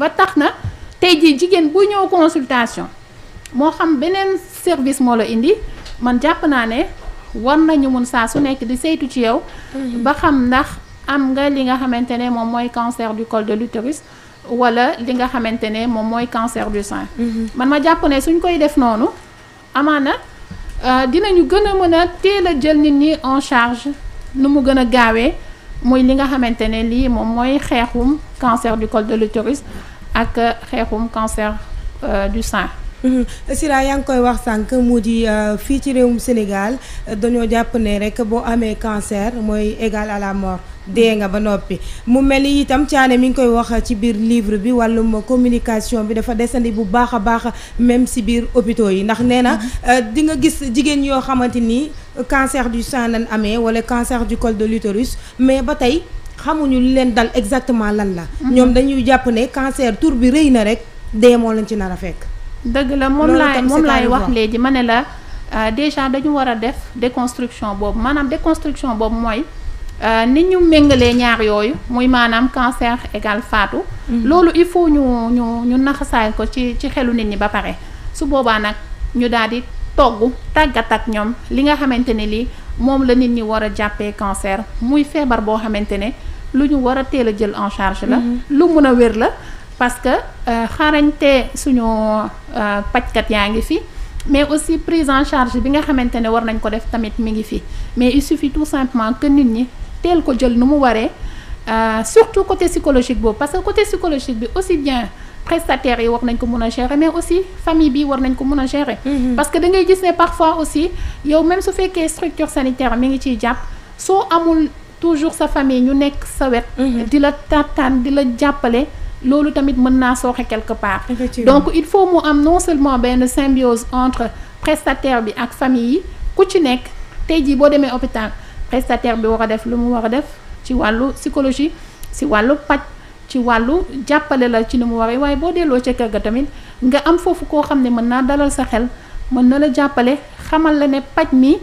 ba tax na tey ji jigéen bu ñëw consultation moo xam beneen service moo la indi man jàpp naa ne war nañu mun saa su nekk di saytu ci yow mm-hmm. ba xam ndax am nga li nga xamante ne moom mooy cancer du cole de l'utérus wala li nga xamante ne moom mooy cancer du sein. Mhm. man ma jàpp ne suñ koy def noonu amaana euh, dinañu gën a mën a teel a jël nit ñi en charge nu mu gën a gaawee mooy li nga xamante ne lii moom mooy xeexum cancer du col de l'utérus ak euh, xeexum cancer euh, du sein. Mhm. Sira yaa ngi koy wax sànq mu di fii ci réewum Sénégal dañoo jàpp ne rek boo amee cancer mooy égal à la mort. dee nga ba noppi mu mel ni itam Thiané mi ngi koy wax ci biir livre bi wàllum communication bi dafa desandi bu baax a baax même si biir hôpitaux yi ndax nee na mm-hmm. euh, di nga gis jigéen yoo xamante ni cancer du sein lañ amee wala cancer du cole de l'utérus mais ba tey xamuñu li leen dal exactement lan la. Mm-hmm. ñoom dañuy jàpp ne cancer tur bi rëy na rek dee moo lañ ci nar a fekk. dëgg la moom laay moom laay wax léegi ma ne la euh, déjà dañu war a def déconstruction boobu maanaam déconstruction boobu mooy. Euh, nit ñu méngalee ñaar yooyu muy maanaam cancer égal faatu. Mhm. loolu il faut ñu ñu ñu naxasaay ko ci ci xelu nit ñi ba pare su boobaa nag ñu daal di togg tàggat ak ñoom li nga xamante ne lii moom la nit ñi war a jàppee cancer muy feebar boo xamante ne lu ñu war a teel a jël en charge la. Mhm. lu mun a wér la parce que euh, xarañte suñu euh, pajkat yaa ngi fi. mais aussi prise en charge bi nga xamante ne war nañ ko def tamit mu ngi fi mais il suffit tout simplement que nit ñi teel ko jël nu mu waree euh, surtout côté psychologique boobu parce que côté psychologique bi aussi bien prestataires yi war nañ ko mun a gérer mais aussi famille bi war nañ ko mun a gérer. Mm-hmm. parce que da ngay gis ne parfois aussi yow même su fekkee structure sanitaire mi ngi ciy jàpp soo amul toujours sa famille ñu nekk sa wet. Mm-hmm. di la tàttaan di la jàppale. loolu tamit mën naa sooxe quelque part. donc il faut mu am non seulement benn symbiose entre prestataire bi ak famille yi ku ci nekk tey jii boo demee hôpital. prestataire bi war a def lu mu war a def ci wàllu psychologie si wàllu paj ci wàllu jàppale la ci ni mu waree waaye boo delloo ca kër ga tamit nga am foofu koo xam ne mën naa dalal sa xel mën na la jàppale xamal la ne paj mi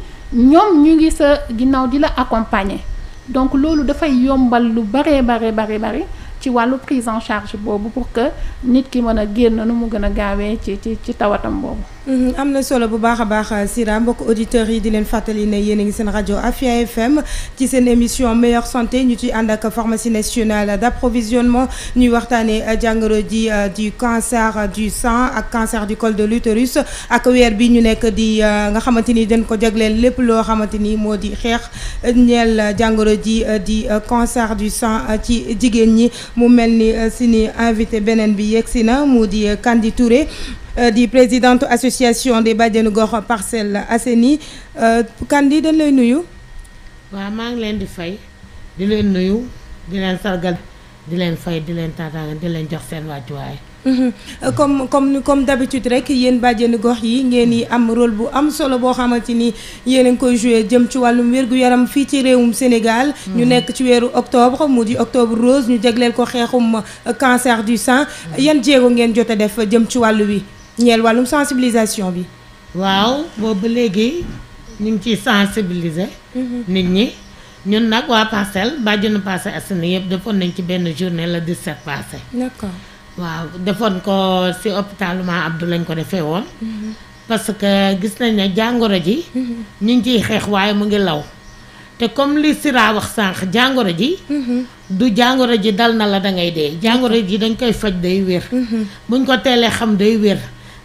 ñoom ñu ngi sa ginnaaw di la accompagner donc loolu dafay yombal lu baree bare bari bari ci wàllu prise en charge boobu pour que nit ki mën a génn nu mu gën a gaawee ci ci ci tawatam boobu Mhm. am na solo bu baax a baax Sira mbokk auditeurs yi di leen fàttali ne yéen a ngi seen rajo Afia FM ci seen émission meilleure santé ñu ci ànd ak pharmacie nationale d' approvisionnement ñuy waxtaanee euh, jàngoro ji euh, du cancer euh, du sang ak cancer du col de l'utérus ak weer bi ñu nekk di nga xamante ni dañ ko jagleel lépp loo xamante ni moo di xeex ñeel jàngoro ji di cancer du sang ci jigéen ñi mu mel ni suñu invité beneen bi yegg si na mu di Kandi Touré. Euh, di présidente association des bàjjenu gox Parcelles Assainies euh, Kandi dañ lay nuyu. waaw maa ngi leen di fay di leen nuyu di leen sargal di leen fay di leen tàggat di leen jox seen wàccuwaay. Mhm. Euh, comme comme comme d'habitude rek yéen bàjjenu gox yi ngeen di am rôle bu am solo boo xamante ni yéen a ngi koy joué jëm ci wàllum wér-gu-yaram fii ci réewum Sénégal. Mhm. ñu nekk ci weeru octobre mu di octobre rose ñu jagleel ko xeexum cancer du sein. Mhm. yan jéego ngeen jot a def jëm ci wàllu wi. ñeel wàllum sensibilisation bi. waaw boobu ba léegi ñu ngi ciy sensibiliser. Mhm. nit ñi ñun nag waa Parcelles bàjjenu Parcelles Assainies yëpp defoon nañ ci benn journée la 17 passé. d'accord waaw defoon ko si hôpital Ma Abdou lañ ko defee woon. Mhm. parce que gis nañ ne jàngoro ji. Mhm. ñu ngi ciy xeex waaye mu ngi law. te comme li Sira wax sànq jàngoro ji. du jàngoro ji dal na la da ngay dee jàngoro ji dañ koy faj day wér. buñ ko teelee xam day wér.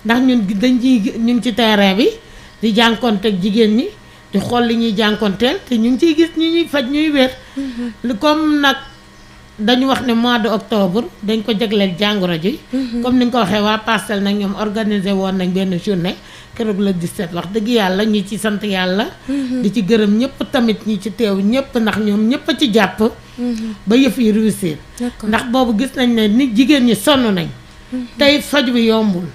ndax ñun dañ ciy ñu ngi ci terrain bi di jànkoonteeg jigéen ñi di xool li ñuy jànkoonteel te ñu ngi ciy gis ñi ñuy faj ñuy wér. Mm-hmm. comme nag dañu wax ne mois de octobre dañ ko jagleel jàngoro ji. Mm-hmm. comme ni nga ko waxee waa Pastel nag ñoom organisé woon nañ benn journée keroog la 17 wax dëgg yàlla ñi ci sant yàlla. Mm-hmm. di ci gërëm ñëpp tamit ñi ci teew ñëpp ndax ñoom ñëpp a ci jàpp. ba yëf yi réussir. ndax boobu gis nañ ne nit jigéen ñi sonn nañ. tey faj bi yombul.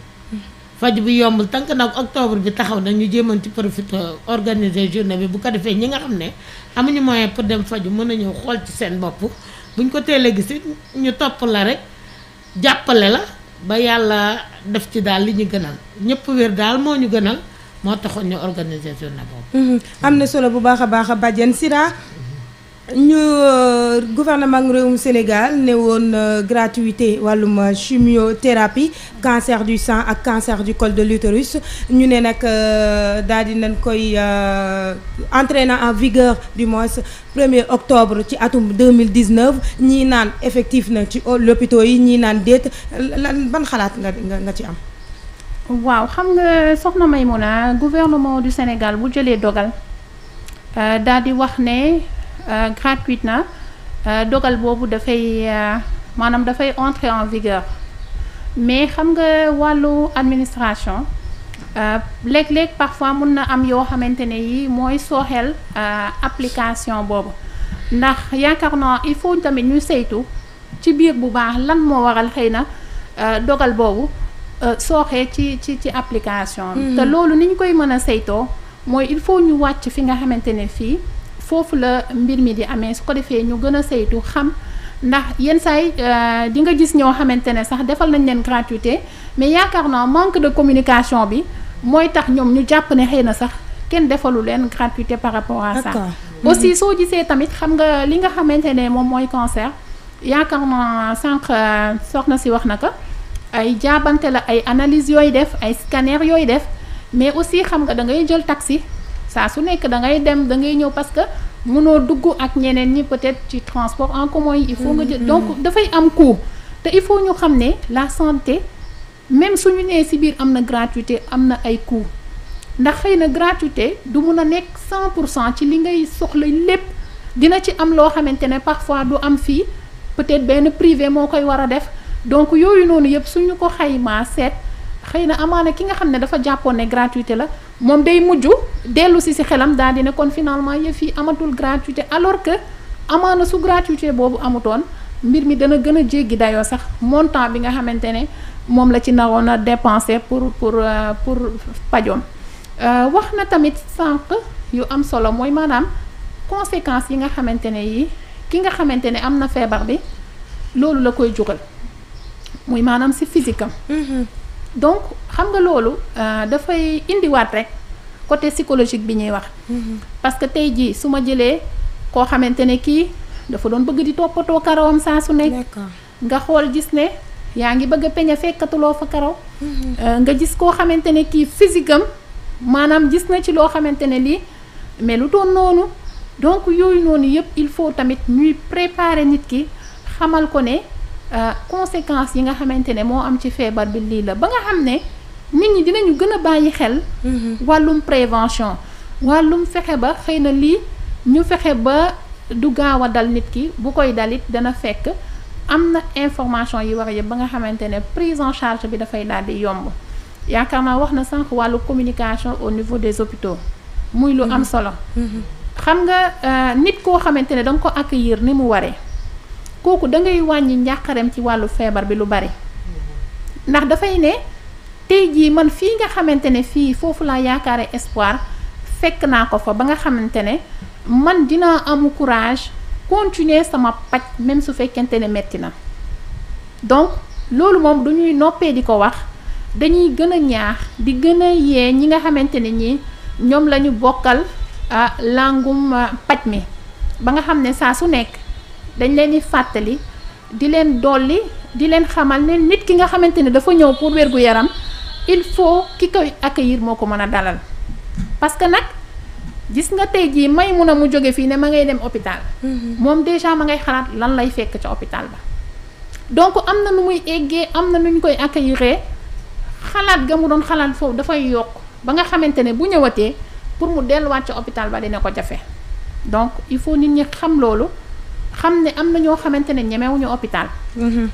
faj bi yombul tànk nag octobre bi taxaw na ñu jéeman ci profité organiser bi bu ko defee ñi nga xam ne amuñu mooy pour dem faju mën a ñëw xool ci seen bopp buñ ko teelee gis ñu topp la rek jàppale la ba yàlla def ci daal li ñu gënal ñëpp wér daal moo ñu gënal moo taxoon ñu organiser boobu. Mhm. am na solo bu baax a baax a ñu euh, gouvernement réewum Sénégal ne woon euh, gratuité wàllum chimiothérapie cancer du sang ak cancer du col de l'utérus ñu ne nag euh, daal di nañ koy na en vigueur du mois 1er octobre ci atum 2019 ñii naan effectif na ci l'hôpitaux yi ñii naan déet lan ban xalaat nga nga ci am. waaw xam nga soxna Maymuna gouvernement du Sénégal bu jëlee dogal daal wax ne. Euh, gratuite na euh, dogal boobu dafay euh, maanaam dafay entrer en vigueur mais xam nga wàllu administration léeg-léeg parfois mun na am yoo xamante ne yii mooy sooxeel application boobu ndax yaakaar na il faut tamit ñu saytu ci biir bu baax lan moo waral xëy na dogal boobu sooxee ci ci ci application hmm. te loolu ni ñu koy mën a saytoo mooy il faut ñu wàcc fi nga xamante ne fii foofu la mbir mi di amee su ko defee ñu gën a saytu xam ndax yenn saay euh, di nga gis ñoo xamante ne sax defal nañ leen gratuité mais yaakaar naa manque de communication bi mooy tax ñoom ñu jàpp ne xëy na sax kenn defalu leen gratuité par rapport à ça mmh. aussi soo gisee tamit xam nga li nga xamante ne moom mooy cancer yaakaar naa sànq euh, soxna si wax na ko ay jaabante la ay analyse yooy def ay scanner yooy def mais aussi xam nga da ngay jël taxi saa su nekk da ngay dem dangay ñëw parce que mënoo dugg ak ñeneen ñi peut-être ci transport en commun yi il nga jël mm-hmm. donc dafay am coût te il faut ñu xam ne la santé même suñu nee si biir am na gratuité am na ay coût ndax xëy na gratuité du mun a nekk 100 pour cent ci li ngay soxla lépp dina ci am loo xamante ne parfois du am fii peut-être benn privé moo koy war a def donc yooyu noonu yëpp suñu ko xaymaa seet xëy na amaana ki nga xam ne dafa jàppoon ne gratuité la moom day mujj dellu si si xelam daal di ne kon finalement yëf yi amatul gratuité alors que amaana su gratuité boobu amutoon mbir mi dana gën a jéggi dayoo sax montant bi nga xamante ne moom la ci naroon a dépensé pour pour euh, pour pajoom euh, wax na tamit sànq yu am solo mooy maanaam conséquences yi nga xamante ne yi ki nga xamante ne am na feebar bi loolu la koy jural mooy maanaam si physique donc xam nga loolu euh, dafay indiwaat rek côté psychologique bi ñuy wax. Mm-hmm. parce que tey jii su ma jëlee koo xamante ne kii dafa doon bëgg di toppatoo karawam saa su nekk. nga xool gis ne yaa ngi bëgg a peña fekkatuloo fa karaw. Mm-hmm. Euh, nga gis koo xamante ne kii physique maanaam gis na ci loo xamante ne lii mais lu doon noonu donc yooyu noonu yëpp il faut tamit ñuy préparer nit ki xamal ko ne. Euh, conséquences yi nga xamante ne moo am ci feebar bi lii la ba nga xam ne nit ñi dinañu gën a bàyyi xel. Mhm. wàllum prévention wàllum fexe ba xëy na lii ñu fexe ba du gaaw a dal nit ki bu koy dalit dana fekk am na information yi war yëpp ba nga xamante ne prise en charge bi dafay daal di yomb yaakaar naa wax na sànq wàllu communication au niveau des hôpitaux muy lu am mhm. solo. Mhm. xam nga euh, nit koo xamante ne danga ko accueillir ni mu waree. kooku da ngay wàññi njàqareem ci wàllu feebar bi lu bari ndax dafay ne tey jii man fii nga xamante ne fii foofu laa yaakaare espoir fekk naa ko fa ba nga xamante ne man dinaa am courage continuer sama paj même su fekkente ne metti na donc loolu moom du ñuy noppee di ko wax dañuy gën a ñaax di gën a yee ñi nga xamante ne ñi ñoom la ñu bokkal ah, langum ah, paj mi ba nga xam ne saa su nekk dañ leen di fàttali di leen dolli di leen xamal ne nit ki nga xamante ne dafa ñëw pour wér gu yaram il faut ki koy accueillir moo ko mën a dalal parce que nag gis nga tey jii may mun a mu jóge fii ne ma ngay dem hôpital mm-hmm. moom déjà ma ngay xalaat lan lay fekk ca hôpital ba donc am na nu muy eggee am na nu ñu koy accueillir xalaat ga mu doon xalaat foofu dafay yokk ba nga xamante ne bu ñëwatee pour mu delluwaat ca hôpital ba dina ko jafe donc il faut nit ñi xam loolu xam ne am na ñoo xamante ne ñemewuñu hôpital. Mm-hmm.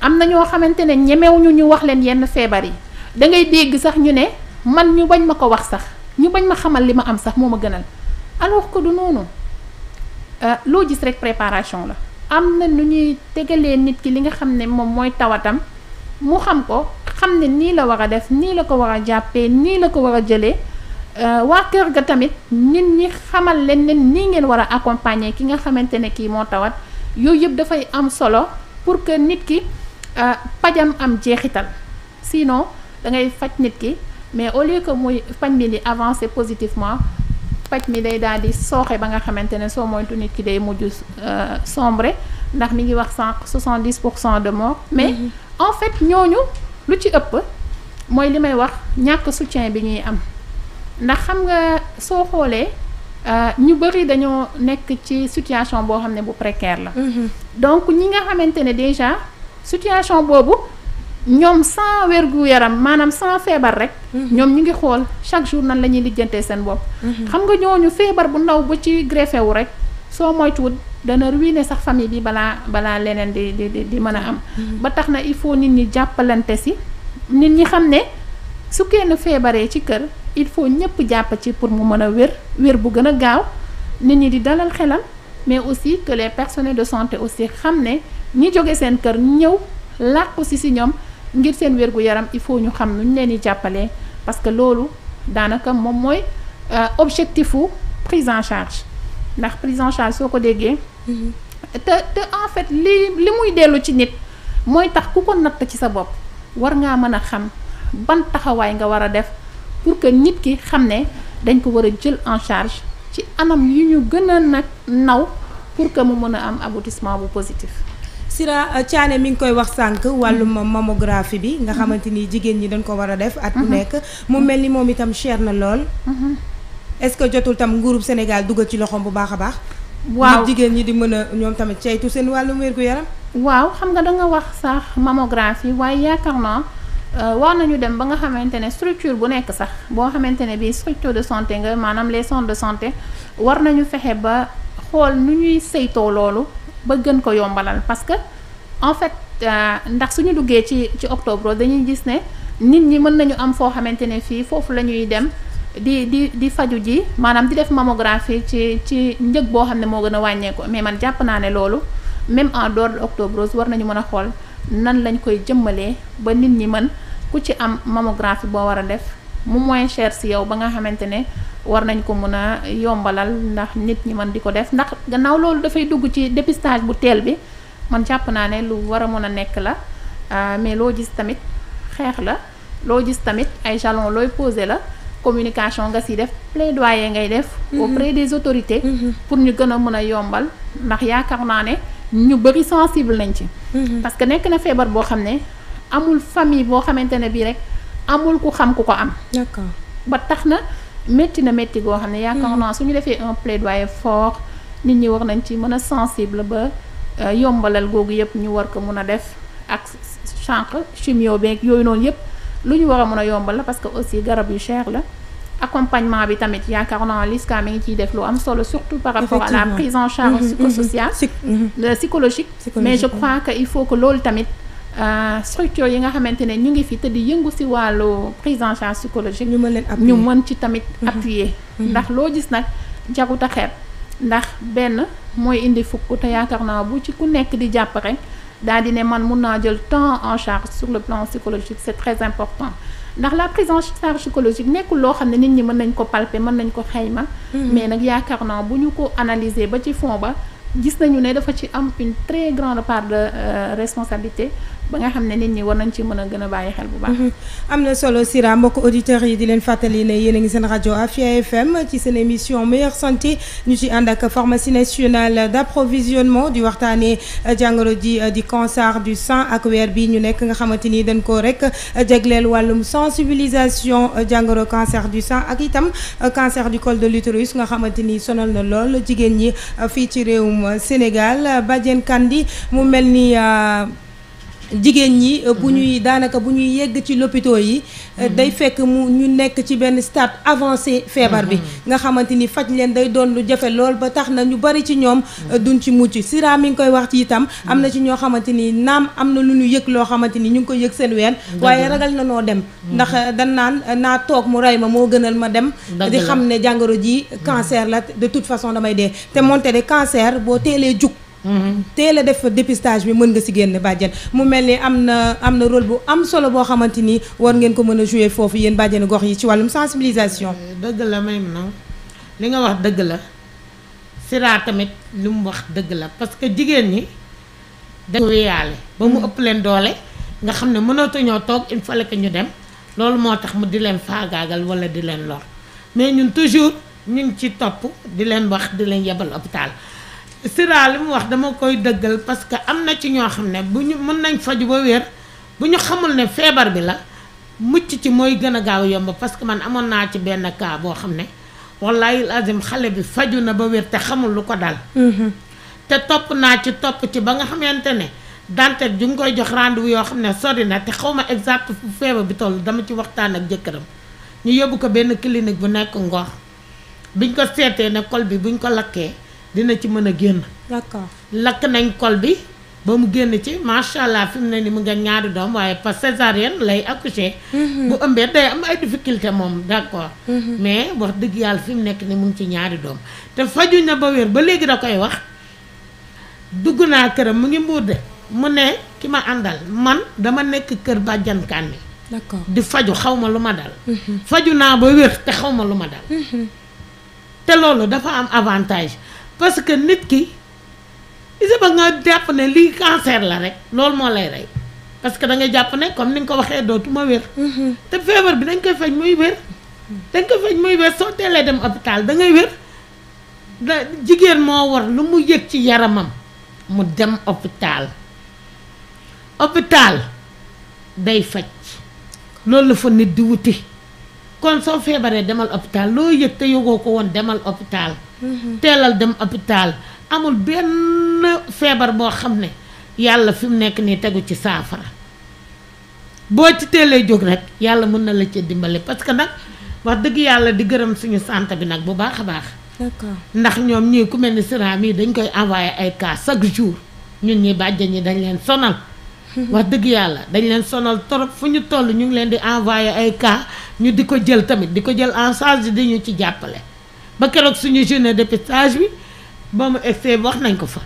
am na ñoo xamante ne ñemewuñu ñu wax leen yenn feebar yi da ngay dégg sax ñu ne man ñu bañ ma ko wax sax ñu bañ ma xamal li ma am sax moo ma gënal alors ko du noonu euh, loo gis rek préparation la. am na ñu ñuy tegalee nit ki li nga xam ne moom mooy tawatam mu xam ko xam ne nii la war a def nii la ko war a jàppee nii la ko war a jëlee. Euh, waa kër ga tamit nit ñi xamal leen ne nii ngeen war a accompagner ki nga xamante ne kii moo tawat yooyu yëpp dafay am solo pour que nit ki euh, pajam am jeexital sinon da ngay faj nit ki mais au lieu que mooy paj mi di avancé positivement paj mi day daal di sooxe ba nga xamante ne soo moytu nit ki day mujj euh, sombre ndax mi ngi wax sànq 70 pour cent de mort mais mm-hmm. en fait ñooñu lu ci ëpp mooy li may wax ñàkk soutien bi ñuy am ndax xam nga soo xoolee euh, ñu bëri dañoo nekk ci situation boo xam ne bu précaire la. Mm-hmm. donc ñi nga xamante ne déjà situation boobu ñoom sans wergu yaram maanaam sans feebar rek. Mm-hmm. ñoom ñu ngi xool chaque jour nan la ñuy lijjantee seen bopp. Mm-hmm. xam nga ñooñu feebar bu ndaw bu ci greffé wu rek soo moytuwul dana ruiner sax famille bi balaa balaa leneen di di di mën a am. ba tax na il faut nit ñi jàppalante si nit ñi xam ne. su kenn feebaree ci kër il faut ñëpp jàpp ci pour mu mën a wér wér bu gën a gaaw nit ñi di dalal xelam mais aussi que les personnels de santé aussi xam ne ñi jóge seen kër ñëw làqu si si ñoom ngir seen wér gu yaram il faut ñu xam nu ñu leen di jàppalee parce que loolu daanaka moom mooy euh, objectif wu prise en charge ndax prise en charge soo ko déggee. Mm-hmm. te te en fait li li muy dellu ci nit mooy tax ku ko natt ci sa bopp war ngaa mën a xam. ban taxawaay nga war a def pour que nit ki xam ne dañ ko war a jël en charge ci anam yu ñu gën a nag naw pour que mu mën a am aboutissement bu positif Sira euh, Thiané mi ngi koy wax sànq wàllum mm-hmm. mammographie bi nga mm-hmm. xamante ni jigéen ñi dañ ko war a def at bu mm-hmm. nekk mu mel ni moom itam cher na lool est-ce que jotul tam nguurub Sénégal dugal ci loxoom bu baax a baax waaw jigéen ñi di mën a ñoom tamit ceytu seen wàllum wér-gu-yaram waaw xam nga da wax sax mammographie waaye yaakaar Euh, war nañu dem ba nga xamante ne structure bu nekk sax boo xamante ne bii structure de santé nga maanaam les centres de santé war nañu fexe ba xool nu ñuy saytoo loolu ba gën ko yombalal parce que en fait euh, ndax suñu duggee ci ci octobre dañuy gis ne nit ñi mën nañu am foo xamante ne fii foofu la ñuy dem di di di faju ji maanaam di def mammographie ci ci njëg boo xam ne moo gën a wàññeeku mais man jàpp naa ne loolu même en dehors de octobre war nañu mën a xool nan lañ koy jëmmalee ba nit ñi man ku ci am mammographie boo war a def mu moins cher si yow ba nga xamante ne war nañ ko mun a yombalal ndax nit ñi mën di ko def ndax gannaaw loolu dafay dugg ci dépistage bu teel bi man jàpp naa ne lu war a mën a nekk la ah, mais loo gis tamit xeex la loo gis tamit ay jalon looy posé la communication nga si def plaidoyer ngay def mhm. auprès des autorités mhm. pour ñu gën a mën a yombal ndax yaakaar naa ne ñu bëri sensible nañ ci. Mm-hmm. parce que nekk na feebar boo xam ne amul famille boo xamante ne bii rek amul ku xam ku ko am. d'accord ba tax na métti na métti goo xam ne. yaakaar mm-hmm. naa su ñu defee un plaidoyer fort nit ñi war nañ ci mën a sensible ba euh, yombalal googu yëpp ñu war ko mun a def ak sànq chimio beeg yooyu noonu yëpp lu ñu war a mun a yombal la parce que aussi garab yu cher la. accompagnement bi tamit yaakaar naa LISCA mi ngi ciy def lu am solo surtout par rapport à la prise en charge mhm, mhm, psychosociale mhm. psychologique mais je crois que il faut que loolu tamit euh, structure yi nga xamante ne ñu ngi fi te di yëngu si wàllu prise en charge psychologique ñu mën leen appuyer ñu mën ci tamit appuyer ndax loo gis nag jagut a ndax benn mooy indi fukk te yaakaar naa bu ci ku nekk di jàpp rek daal di ne man mun naa jël temps en charge sur le plan psychologique c'est très ndax la prise en charge psychologique nekkul loo xam ne nit ñi mën nañ ko palper mën nañ koo xayma. Hmm. mais nag yaakaar naa bu ñu ko analyser ba ci fond ba gis nañu ne dafa ci am une très grande part de euh, responsabilité. ba nga xam ne nit ñi war nañ ci mën a gën a bàyyi xel bu baax. Mhm. am na solo Sira mbokk auditeurs yi di leen fàttali ne yéen a ngi seen rajo Afia FM ci seen émission meilleure santé ñu si ànd ak pharmacie nationale d' approvisionnement di waxtaanee jàngoro ji di cancer du sang ak weer bi ñu nekk nga xamante ni dañ ko rek jagleel wàllum sensibilisation jàngoro cancer du sang ak itam cancer du col de l'utérus nga xamante ni sonal na lool jigéen ñi fii ci réewum Sénégal Badiane Kandi mu mel ni. Euh, jigéen ñi euh, bu mhm. ñuy daanaka bu ñuy yegg ci lopito yi euh, mhm. day fekk mu ñu nekk ci benn stade avancé feebar bi mhm. nga xamante ni faj leen day doon lu jafe lool ba tax na ñu bari ci ñoom euh, duñ ci mucc sira mi ngi koy wax ci itam am na ci ñoo xamante ni naam am na lu ñu yëg loo xamante ni ñu ngi ko yëg seen ween waaye ragal na noo dem ndax dan naan naa toog mu rey ma moo gënal ma dem di xam ne jàngoro ji cancer la de tout façon damay dee te moonte de cancer boo teelee jug teel a def dépistage bi mën nga si génn bàjjen mu mel ni am na am na rôle bu am solo boo xamante ni war ngeen ko mën a jouer foofu yéen bàjjenu gox yi ci wàllum sensibilisation. Eh, dëgg la may na li nga wax dëgg la Sira tamit li mu wax dëgg la parce que jigéen ñi dañu wéyaale ba mu mm. ëpp leen doole nga xam ne mënatuñoo toog il fallait que ñu dem loolu moo tax mu di leen faagaagal wala di leen lor mais ñun toujours ñu ngi ci topp di leen wax di leen yebal hôpital. siraa li mu wax dama koy dëggal parce que am na ci ñoo xam ne bu ñu mën nañ faju ba wér bu ñu xamul ne feebar bi la mucc ci mooy gën a gaaw yomb parce que man amoon naa ci benn kaa boo xam ne wallahi azim xale bi faju na ba wér te xamul lu ko dal. Mm-hmm. te topp naa ci topp ci ba nga xamante ne danteg ju ngi koy jox rendez-vous yoo xam ne sori na te xaw ma exact fu feebar bi toll dama ci waxtaan ak jëkkëram ñu yóbbu ko benn clinique bu nekk ngox biñ ko seetee ne col bi buñ ko lakkee. dina ci mën a génn. d'accord lakk nañ kol bi ba mu génn ci macha allah fi mu ne ni mu nga ñaari doom waaye par césarienne lay accoucher. Mhm. bu ëmbee day am ay difficulté moom d'accord. Mhm. mais wax dëgg yàlla fi mu nekk ni mu ngi ci ñaari doom te faju na ba wér ba léegi da koy wax dugg naa këram mu ngi mbuur de ne ki ma àndal man dama nekk kër bàjjan Kande. d'accord di faju xaw ma lu ma dal. Mhm. faju naa ba wér te xaw ma lu ma dal. te loolu dafa am avantage. parce que nit ki il ba nga jàpp ne lii cancer la rek loolu moo lay rey parce que dangay jàpp ne comme ni nga ko waxee dootuma wér. Mm-hmm. te feebar bi dañ koy faj muy wér. dañ koy faj muy wér soo teelee dem hôpital da ngay wér da jigéen moo war lu mu yëg ci yaramam mu dem hôpital hôpital day faj loolu la fa nit di wuti kon soo feebaree demal hôpital loo yëg te yëgoo ko woon demal hôpital. teelal dem hôpital amul benn feebar boo xam ne yàlla fi mu nekk nii tegu ci saafara boo ci teelee jóg rek yàlla mën na la ci dimbale parce que nag wax dëgg yàlla di gërëm suñu santé bi nag bu baax a baax. d'accord ndax ñoom ñii ku mel ni Sira mii dañ koy envoyé ay cas chaque jour ñun ñi bàjjen ñi dañ leen sonal. wax dëgg yàlla dañ leen sonal torop fu ñu toll ñu ngi leen di envoyé ay cas ñu di ko jël tamit di ko jël en charge di ñu ci jàppale. ba keroog suñu journée dépistage bi ba mu egsee wax nañ ko fa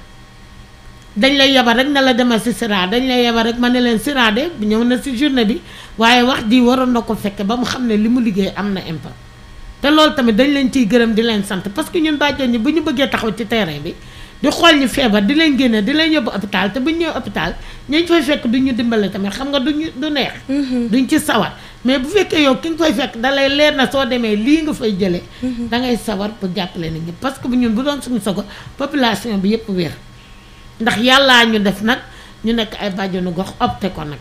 dañ lay yabal rek na la demal si sira dañ lay yabal rek ma ne leen sira de ñëw na si journée bi waaye wax ji waroon na ko fekke ba mu xam ne li mu liggéey am na impact te loolu tamit dañ leen ciy gërëm di leen sant parce que ñun bàjjen ñi bu ñu bëggee taxaw ci terrain bi di xool ñu feebar di leen génne di leen yóbbu hôpital te buñ ñëw hôpital ñañ fay fekk duñ ñu dimbale tamit xam nga ñu du neex mm-hmm. duñ ci sawar mais bu fekkee yow ki nga fay fekk da lay leer na soo demee lii nga fay jëlee mm-hmm. dangay ngay sawar pour jàppale nit ñi parce que bu ñun bu doon suñu sogo population bi yëpp weer ndax yàlla ñu def nag ñu nekk ay bàjjenu gox opté ko nag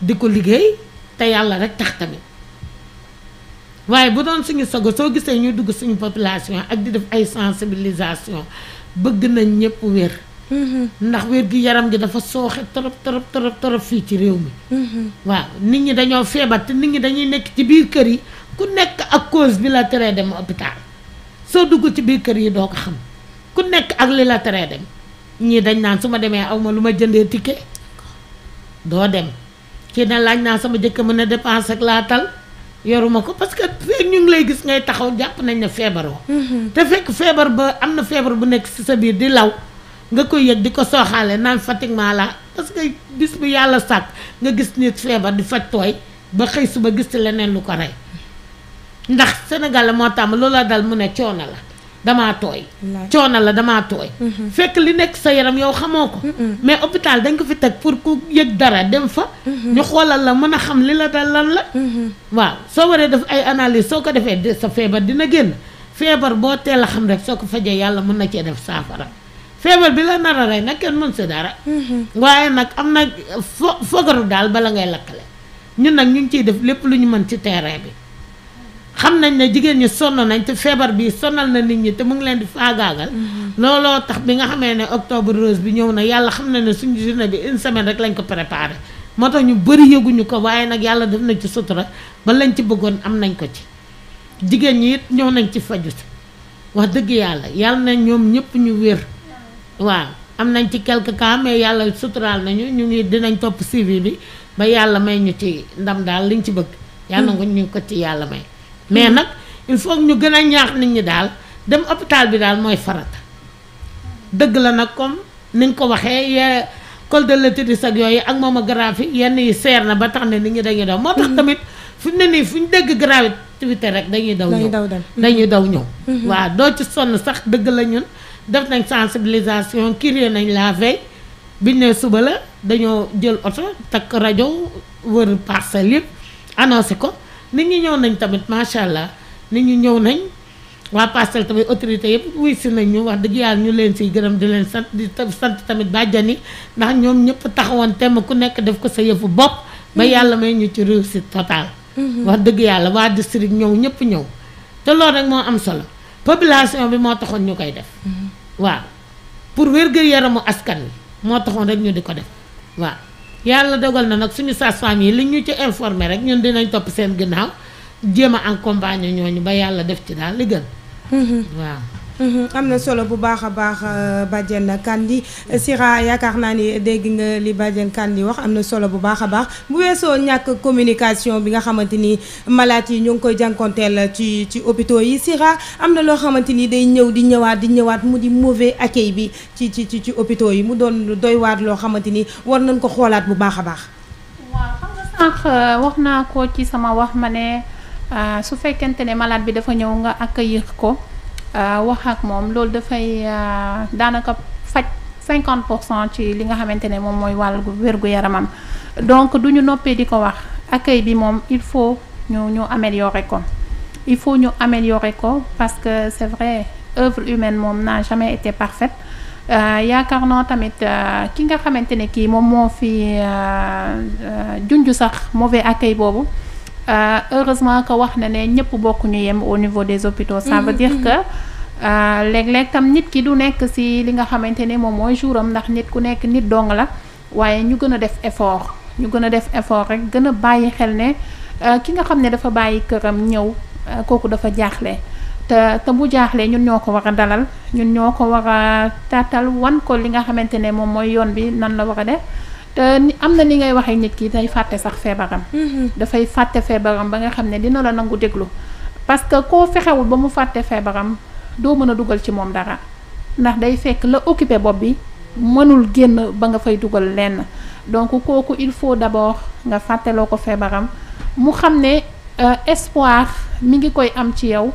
di ko liggéey te yàlla rek tax tamit waaye bu doon suñu sago soo gisee ñuy dugg suñu population ak di def ay sensibilisation bëgg nañ ñëpp wér mm-hmm. ndax wér gi yaram gi dafa sooxe torop torop torop torop fii ci réew mi mm-hmm. waaw nit ñi dañoo feebar te nit ñi dañuy nekk ci biir kër yi ku nekk ak cause bi la teree dem hôpital soo dugg ci biir kër yi doo ko xam ku nekk ak li la dem ñii dañ naan su ma demee aw ma lu ma jëndee ticket doo dem kii na laaj naa sama jëkk mën a dépense ak laa tal yoruma ko parce que feeg ñu ngi lay gis ngay taxaw jàpp nañ ne feebaroo mhm. te fekk feebar ba am na feebar bu nekk ci sa biir di law nga ko yëg di ko sooxaale naan fatiguement la parce que bis bu yàlla sàkk nga gis nit feebar di faj tooy ba xëy suba gis ci leneen lu ko rey ndax sénégalais moo tàmm loola dal mu ne coono la damaa tooy coono la damaa tooy mhm. fekk li nekk sa yaram yow xamoo ko mais hôpital dañ ko fi teg pour ku yëg dara dem fa mhm. ñu xoolal la mën a xam li la dal lan la mhm. waaw soo waree def ay analyse soo ko defee sa feebar dina génn feebar boo teel a xam rek soo ko fajee yàlla mën na cee def saafara feebar bi la nara a rey nag kenn mën si dara waaye nag am na fo fogaru daal bala ngay lakkale ñun nag ñu ngi ciy def lépp lu ñu mën ci terrain bi xam nañ ne jigéen ñi sonn nañ te feebar bi sonal na nit ñi te mu ngi leen di faagaagal. Mm-hmm. looloo tax bi nga xamee ne octobre rose bi ñëw na yàlla xam nañ ne suñu journée bi une semaine rek lañ ko préparé. moo tax ñu bëri yëguñu ko waaye nag yàlla def na ci sutura ba lañ ci bëggoon am nañ ko ci jigéen ñi it ñëw nañ ci faju si wax dëgg yàlla yàlla nañ ñoom ñëpp ñu wér waaw am nañ ci quelque cas mais yàlla suturaal nañu ñu ngi dinañ topp suivi bi ba yàlla may ñu ci ndam daal liñ ci bëgg. yàlla mm. nga ñu ko ci yàlla may. mais nag il faut ñu gën a ñaax nit ñi daal dem hôpital bi daal mooy farata dëgg la nag comme ni nga ko waxee ya col de l'utérus ak yooyu ak mammographie yenn yi seer na ba tax ne nit ñi dañuy daw moo tax mm-hmm. tamit fi mu ne nii fu ñu dégg gravité rek dañuy daw ñëw dañuy daw ñëw mm-hmm. waa doo ci sonn sax dëgg lañu def nañ sensibilisation curé nañ laa veille biñ ne suba la dañoo jël oto takk rajo wër parcelles yëpp annoncé ko nit ñi ñëw nañ tamit macha allah nit ñi ñëw nañ waa Pastel tamit autorité yëpp wuy si nañ ñu wax dëgg yàlla ñu leen siy gërëm di leen sant di sant tamit bàjjan yi ndax ñoom ñëpp taxawoon temm ku nekk def ko sa yëfu bopp. ba mm-hmm. yàlla may ñu ci réussite totale. Mm-hmm. wax dëgg yàlla waa district ñëw ñëpp ñëw. te loolu rek moo am solo population bi moo taxoon ñu koy def. Mm-hmm. waaw pour wér-gu-yaramu askan wi moo taxoon rek ñu di ko def waaw. yàlla dogal na nag suñu sage-femme yi li ñu ci informé rek ñun dinañ topp seen ginnaaw jéem a accompagner ñooñu ba yàlla def ci daal li gën mm-hmm. waaw Mhm. am na solo bu baax a baax euh, na kàndi Sira yaakaar naa ni dégg nga li Badiane Kandi wax am na solo bu baax a baax bu weesoo ñàkk communication bi nga xamante ni malaat yi ñu ngi koy jànkonteel ci ci hôpitaux yi Sira am na loo xamante ni day ñëw di ñëwaat di ñëwaat mu di mauvais bi ci ci ci ci hôpitaux yi mu doon doy waat loo xamante ni war nañ ko xoolaat bu baax a baax. waaw euh, wax naa ko ci sama wax ma ne euh, su fekkente ne malaat bi dafa ñëw nga accueillir ko. Euh, wax ak moom loolu dafay euh, daanaka faj cinquante pour cent ci li nga xamante ne moom mooy wàllu wérgu yaramam donc du ñu noppee di ko wax accueil bi moom il faut ñu ñu améliorer ko il faut ñu améliorer ko parce que c'est vrai œuvre humaine moom n'a jamais été parfaite euh, yaakaar noo tamit ki nga xamante ne kii moom moo fi junj sax mauvais accueil boobu Euh, heureusement que wax na ne ñëpp bokkuñu yem au niveau des hôpitaux ça mm-hmm, veut dire mm-hmm. que euh, léeg-léeg tam nit ki du nekk ci li nga xamante ne moom mooy jouram ndax nit ku nekk nit dong la waaye ñu gën a def effort ñu gën a def effort rek gën a bàyyi xel ne euh, ki nga xam ne dafa bàyyi këram ñëw kooku dafa jaaxle te te bu jaaxlee ñun ñoo ko war a dalal ñun ñoo ko war a taatal wan ko li nga xamante ne moom mooy yoon bi nan la war a def te am na ni ngay waxee nit ki day fàtte sax feebaram. Mm-hmm. dafay fàtte feebaram ba nga xam ne dina la nangu déglu parce que koo fexewul ba mu fàtte feebaram doo mën a dugal ci moom dara ndax day fekk la occupé bopp bi mënul génn ba nga fay dugal lenn donc kooku il faut d'abord nga fàtteloo ko feebaram mu xam ne euh, espoir mu ngi koy am ci yow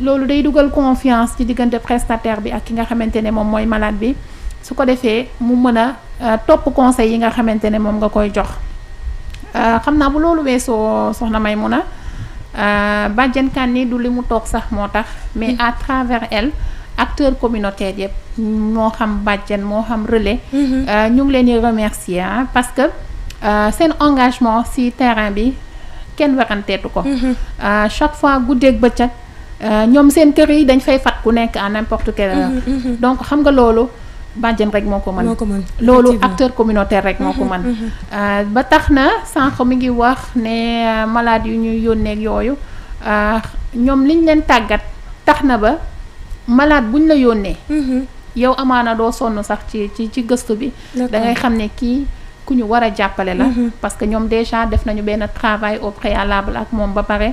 loolu day dugal confiance ci diggante prestateur bi ak ki nga xamante ne moom mooy malaat bi. su ko defee mu mën a euh, topp conseil yi nga xamante ne moom nga koy jox euh, xam naa bu loolu weesoo soxna may mun Maymuna euh, bàjjen Kani du li mu toog sax moo tax mais mm. à travers elle acteur communautaire yëpp moo xam bàjjen moo xam relais mm-hmm. ñu ngi leen di remercier ah parce que seen engagement ci terrain bi kenn waranteetu ko mm-hmm. chaque fois guddeeg bëccëg ñoom seen kër yi dañ fay fat ku nekk à n'importe quelle heure mm-hmm, donc xam nga loolu bàjjen rek moo ko mën loolu acteur communautaire rek moo ko mën mhm, mhm. euh, ba tax na sànq mi ngi wax ne euh, malaat yu ñuy yónneek yooyu euh, ñoom liñ leen tàggat tax na ba malade buñ la yónnee mhm. yow amaana doo sonn sax ci ci ci gëstu bi da ngay xam ne kii ku ñu war a jàppale la parce que ñoom déjà def nañu benn travail au préalable ak moom ba pare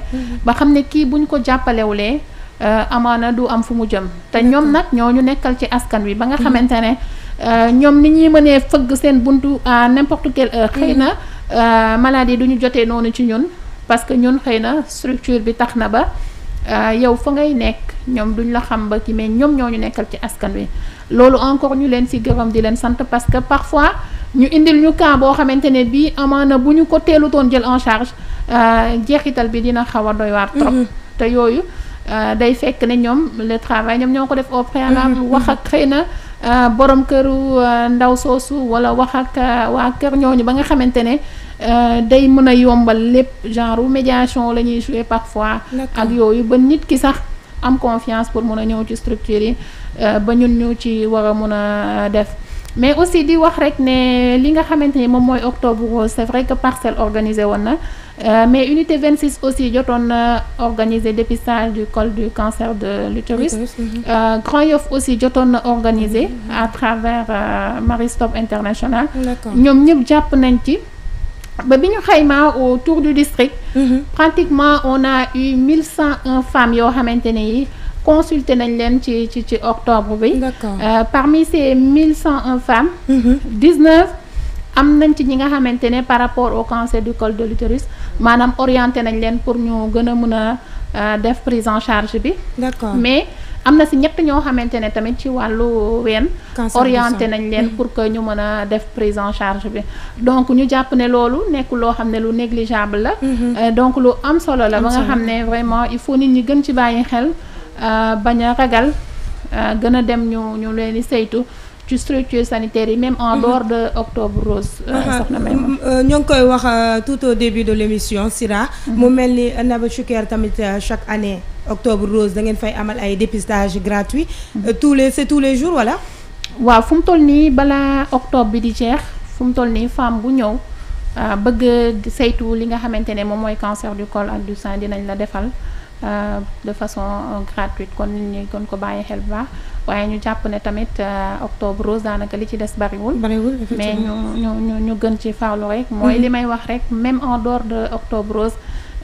ba xam ne kii buñ ko jàppalewulee Euh, amaana du am fu mu jëm te ñoom nag ñoo ñu nekkal ci askan wi ba nga mhm. xamante ne euh, ñoom ni ñuy mënee fëgg seen buntu à n'importe euh, mhm. xëy na maladie du ñu jotee noonu ci ñun parce que ñun xëy na structure bi tax na ba yow fa ngay nekk ñoom duñ la xam ba ki mais ñoom ñoo ñu nekkal ci askan wi loolu encore ñu leen si gërëm di leen sant parce que parfois ñu indil ñu cas boo xamante ne bii amaana bu ñu ko teelutoon jël en charge jeexital bi dina xaw a doy waar trop mhm. te yooyu Euh, day fekk ne ñoom le travail ñoom ñoo ko def au mhm. wax ak xëy na euh, borom këru euh, ndaw soosu wala wax ak waa kër ñooñu ba nga xamante ne day mën a yombal lépp genre médiation la ñuy jouer parfois ak yooyu ba nit ki sax am confiance pour mun a ñëw ci structure yi ba ñun ñu ci war a mun a def mais aussi di wax rek ne li nga xamante ni moom mooy octobre rose c'est vrai que parcelle organisé woon na euh, mais unité 26 aussi jotoon na organisé dépistage du col du cancer de l'utérus mhm. euh, Grand Yoff aussi jotoon na organisé mhm, mhm. à travers euh, Marie Stop International ñoom ñëpp jàpp nañ ci ba bi ñu xaymaa autour du district pratiquement on a eu 1101 femmes yoo xamante ne yi consulté nañ leen ci ci ci octobre bi. d'accord euh, parmi ces mille cent un femmes. Mm-hmm. dix neuf am nañ ci ñi nga xamante ne par rapport au cancer du col de l'utérus maanaam orienté nañ leen pour ñu gën a mën a euh, def prise en charge bi. d'accord mais am na si ñett ñoo xamante ne tamit ci wàllu ween orienté nañ leen mm-hmm. pour que ñu mën a def prise en charge bi donc ñu jàpp ne loolu nekkul loo xam ne lu négligeable la mm-hmm. euh, donc lu am solo la ba nga xam ne vraiment il faut nit ñi gën ci bàyyi xel Euh, bañ a ragal euh, gën a dem ñu ñu leen di saytu ci structure sanitaire yi même en mhm. dehors de octobre rose. Euh, soxna ñoo ngi koy wax tout au début de l' émission Sira. Mhm. mu mel ni Naba Choucair tamit chaque année octobre rose da ngeen fay amal ay dépistage gratuit mhm. tous les c' tous les jours voilà. waaw fu mu toll nii balaa octobre bi di jeex fu mu toll nii femme bu ñëw. bëgg saytu li nga xamante ne moom mooy cancer du col ak du sein dinañ la defal Euh, de façon euh, gratuite kon nit ñi kon ko bàyyi xel bu baax waaye ñu jàpp ne tamit euh, octobre rose daanaka li ci des bariwul mais ñu ñu ñu ñu gën ci farlu rek mooy li mhm. may wax rek même en dehors de octobre rose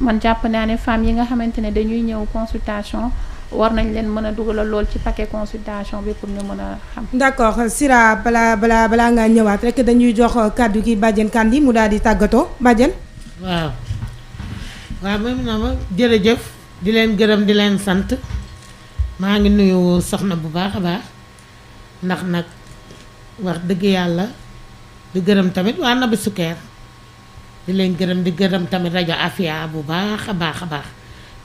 man jàpp naa ne femmes yi nga xamante ne dañuy ñëw consultation war nañ leen mën a dugalal lool ci paquet consultation bi pour ñu mën a xam. d'accord Sira balaa balaa balaa ngaa ñëwaat rek dañuy jox kàddu gi Badiane Kandi mu daal di tàggatoo Badiane. waaw waaw moom na ma di leen gërëm di leen sant maa ngi nuyu soxna bu baax a baax ndax nag wax dëgg yàlla di gërëm tamit waa Nabi Sukkeer di leen gërëm di gërëm tamit rajo Afia bu baax a baax a baax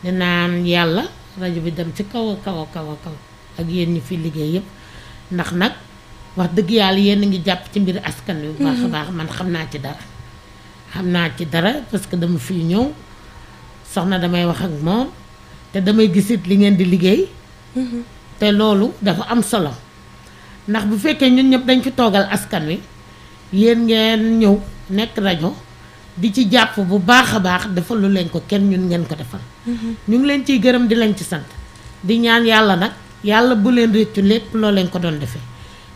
di naan yàlla rajo bi dem ci kaw a kaw a kaw a kaw ak yéen ñi fi liggéey yëpp ndax nag wax dëgg yàlla yéen ngi jàpp ci mbir askan wi. bu baax a mm-hmm. baax man xam naa ci dara. xam naa ci dara parce que dama fii ñëw soxna damay wax ak moom. te damay gis gisit li ngeen di liggéey mm-hmm. te loolu dafa am solo ndax bu fekkee ñun ñëpp dañ fi toogal askan wi yéen ngeen ñëw nekk rajo di ci jàpp bu baax a baax lu leen ko kenn ñun ngeen ko defal mm-hmm. ñu ngi leen ciy gërëm di leen ci sant di ñaan yàlla nag yàlla bu leen réccu lépp loo leen ko doon defee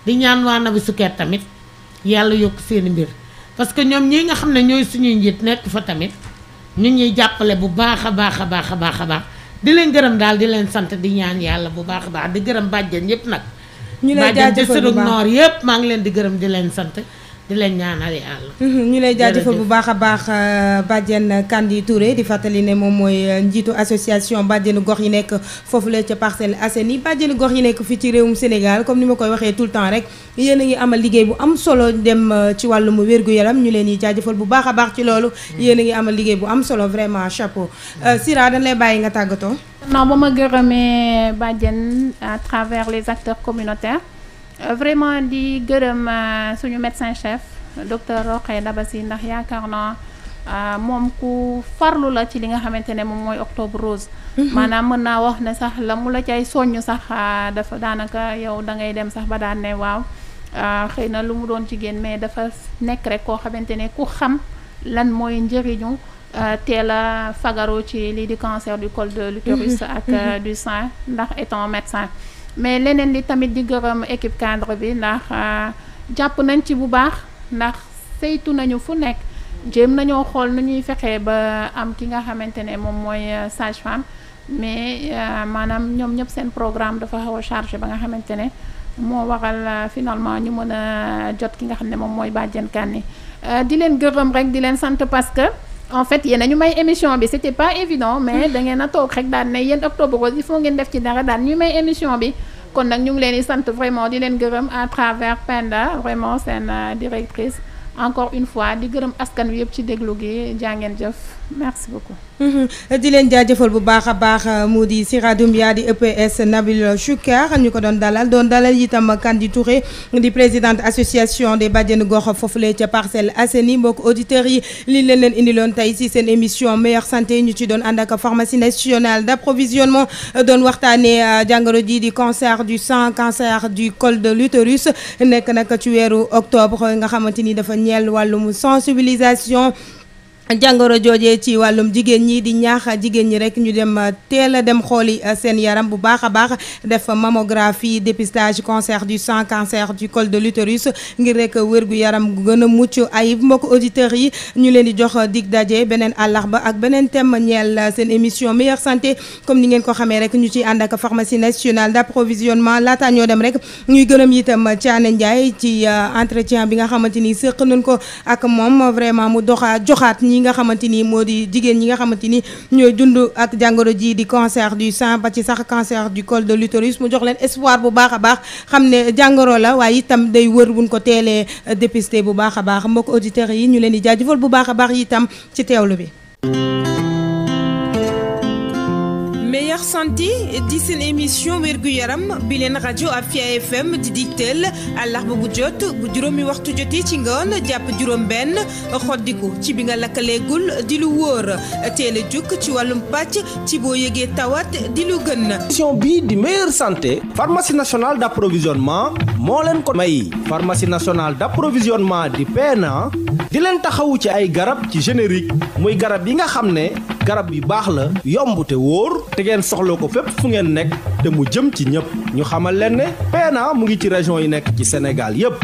di ñaan waa Nabi Sukër tamit yàlla yokk seeni mbir parce que ñoom ñii nga xam ne ñooy suñuy njiit nekk fa tamit ñu ñuy jàppale bu baax a baax a baax a baax a baax di leen gërëm daal di leen sant di ñaan yàlla bu baax a baax di gërëm bàjjan yëpp nag. ñu lay jaajëfal bu noor yëpp maa ngi leen di gërëm di leen sant. di leen ñaanale mhm, ñu lay jaajëfal bu baax a baax euh, Badiane Kandi Touré di fàttali ne moom mooy euh, njiitu association Badiane gox yi nekk foofu foofulee ca Parcelles Assainies Badiane gox yi nekk fii ci réewum Sénégal comme ni ma koy waxee tout le temps rek yéen a ngi amal liggéey bu am solo dem euh, ci wàllum wér-gu-yaram ñu leen di jaajëfal bu baax a baax ci loolu. Mm. yéen a ngi amal liggéey bu am solo vraiment chapeau. Mm. Sira dañ lay bàyyi nga tàggatoo. non ba ma gërëmee Badiane à travers les acteurs communautaires. Euh, vraiment di gërëm euh, suñu médecin chef docteur Rokhaya Dabassi ndax yaakaar naa euh, moom ku farlu la ci li nga xamante ne moom mooy octobre rose mhm. maanaam mën naa wax ne sax la mu la cay soññ sax dafa daanaka yow da ngay dem sax ba daan ne waaw xëy na lu mu doon jigéen mais dafa nekk rek koo xamante ne ku xam lan mooy njëriñu teel a fagaro ci lii di cancer du col de l'utérus mhm. ak mhm. du sein ndax étant médecin mais leneen li tamit di gërëm équipe cadre bi ndax euh, jàpp nañ ci bu baax ndax saytu nañu fu nekk jéem nañoo xool nu ñuy fexe ba am ki nga xamante ne moom mooy euh, sage-femme mais euh, maanaam ñoom ñëpp seen programme dafa xaw a chargé ba nga xamante ne moo waral finalement ñu mën a jot ki nga xam ne moom mooy bàjjen kànni di leen gërëm rek di leen sant parce que en fait yéen a ñu may émission bi c'était pas évident mais hmm. da a toog rek daan ne yéen Octobre Rose il faut ngeen def ci dara daan ñu may émission bi kon nag ñu ngi leen di sant vraiment di leen gërëm à travers Penda vraiment seen euh, directrice encore une fois di gërëm askan wi yëpp ci déglu gi jaa ngeen jëf. merci mhm. di leen jaajëfal bu baax a baax euh, mu di Sirajou Mbia di EPS Nabil Choukar ñu ko doon dalal doon dalal itam Kandi Touré di présidente association des bajenu gox foofule ca Parcelles Assainies mbokk auditeurs yi li leen leen indiloon tey si seen émission meilleure santé ñu ci doon ànd ak pharmacie nationale d'approvisionnement euh, doon waxtaanee euh, jàngoro ji di cancer du sang cancer du col de l'utérus nekk nag ci weeru octobre nga xamante ni dafa ñeel wàllum sensibilisation. jàngoro joojee ci wàllum jigéen ñi di ñaax jigéen ñi rek ñu dem euh, teel a dem xooli euh, seen yaram bu baax a baax def mammographie dépistage cancer du sang cancer du col de l'utérus ngir rek gu yaram gu gën a mucc ay mbokk auditeurs yi ñu leen di jox euh, dig daje beneen àllax ba ak beneen thème ñeel seen émission meilleure santé comme ni ngeen ko xamee rek ñu ci ànd ak pharmacie nationale d'approvisionnement laataa ñoo dem rek ñuy gërëm itam Thiané Ndiaye ci entretien bi nga xamante ni sëq nañ ko ak moom mu doxaa joxaat ñi nga xamante ni moo di jigéen ñi nga xamante ni ñooy dund ak jàngoro ji di cancer du sein ba ci sax cancer du col de l'utérus mu jox leen espoir bu baax a baax xam ne jàngoro la waaye itam day wër buñ ko teelee dépister bu baax a baax mbokk auditeurs yi ñu leen di jaajëfal bu baax a baax yi itam ci teewlu bi santé di seen émission wérgu yaram bi leen rajo Afia FM di digteel àllarba bu jot bu juróomi waxtu jotee ci ngoon jàpp juróom-benn xoddiku ci bi nga lakkaleegul di lu wóor teel a jukk ci wàllum pàcc ci boo yëgee tawat di lu gën. émission bii di meilleure santé. pharmacie nationale d'approvisionnement moo leen ko may. pharmacie nationale d'approvisionnement di PNA di leen taxawu ci ay garab ci générique muy garab yi nga xam ne garab yu baax la yomb soxla ko fépp fu ngeen nekk te mu jëm ci ñëpp ñu xamal leen ne PNA mu ngi ci région yi nekk ci Sénégal yépp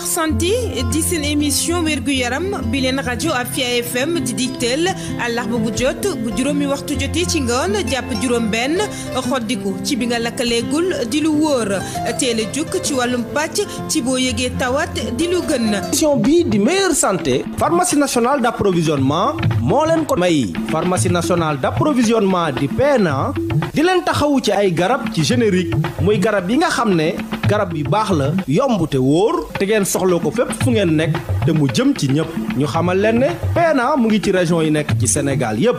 Dakar Santé di seen émission wérgu yaram bi leen rajo Afia FM di digteel àllarba bu jot bu juróomi waxtu jotee ci ngoon jàpp juróom-benn xoddiku ci bi nga lakkaleegul di lu wóor teel a jukk ci wàllum pàcc ci boo yëgee tawat di lu gën. émission bi di meilleure santé. pharmacie nationale d'approvisionnement moo leen ko may. pharmacie nationale d'approvisionnement di PNA di leen taxawu ci ay garab ci générique muy garab yi nga xam ne. garab yu baax la yomb te wóor te ngeen soxla ko fépp fu ngeen nekk te mu jëm ci ñëpp ñu xamal leen ne PNA mu ngi ci région yi nekk ci Sénégal yépp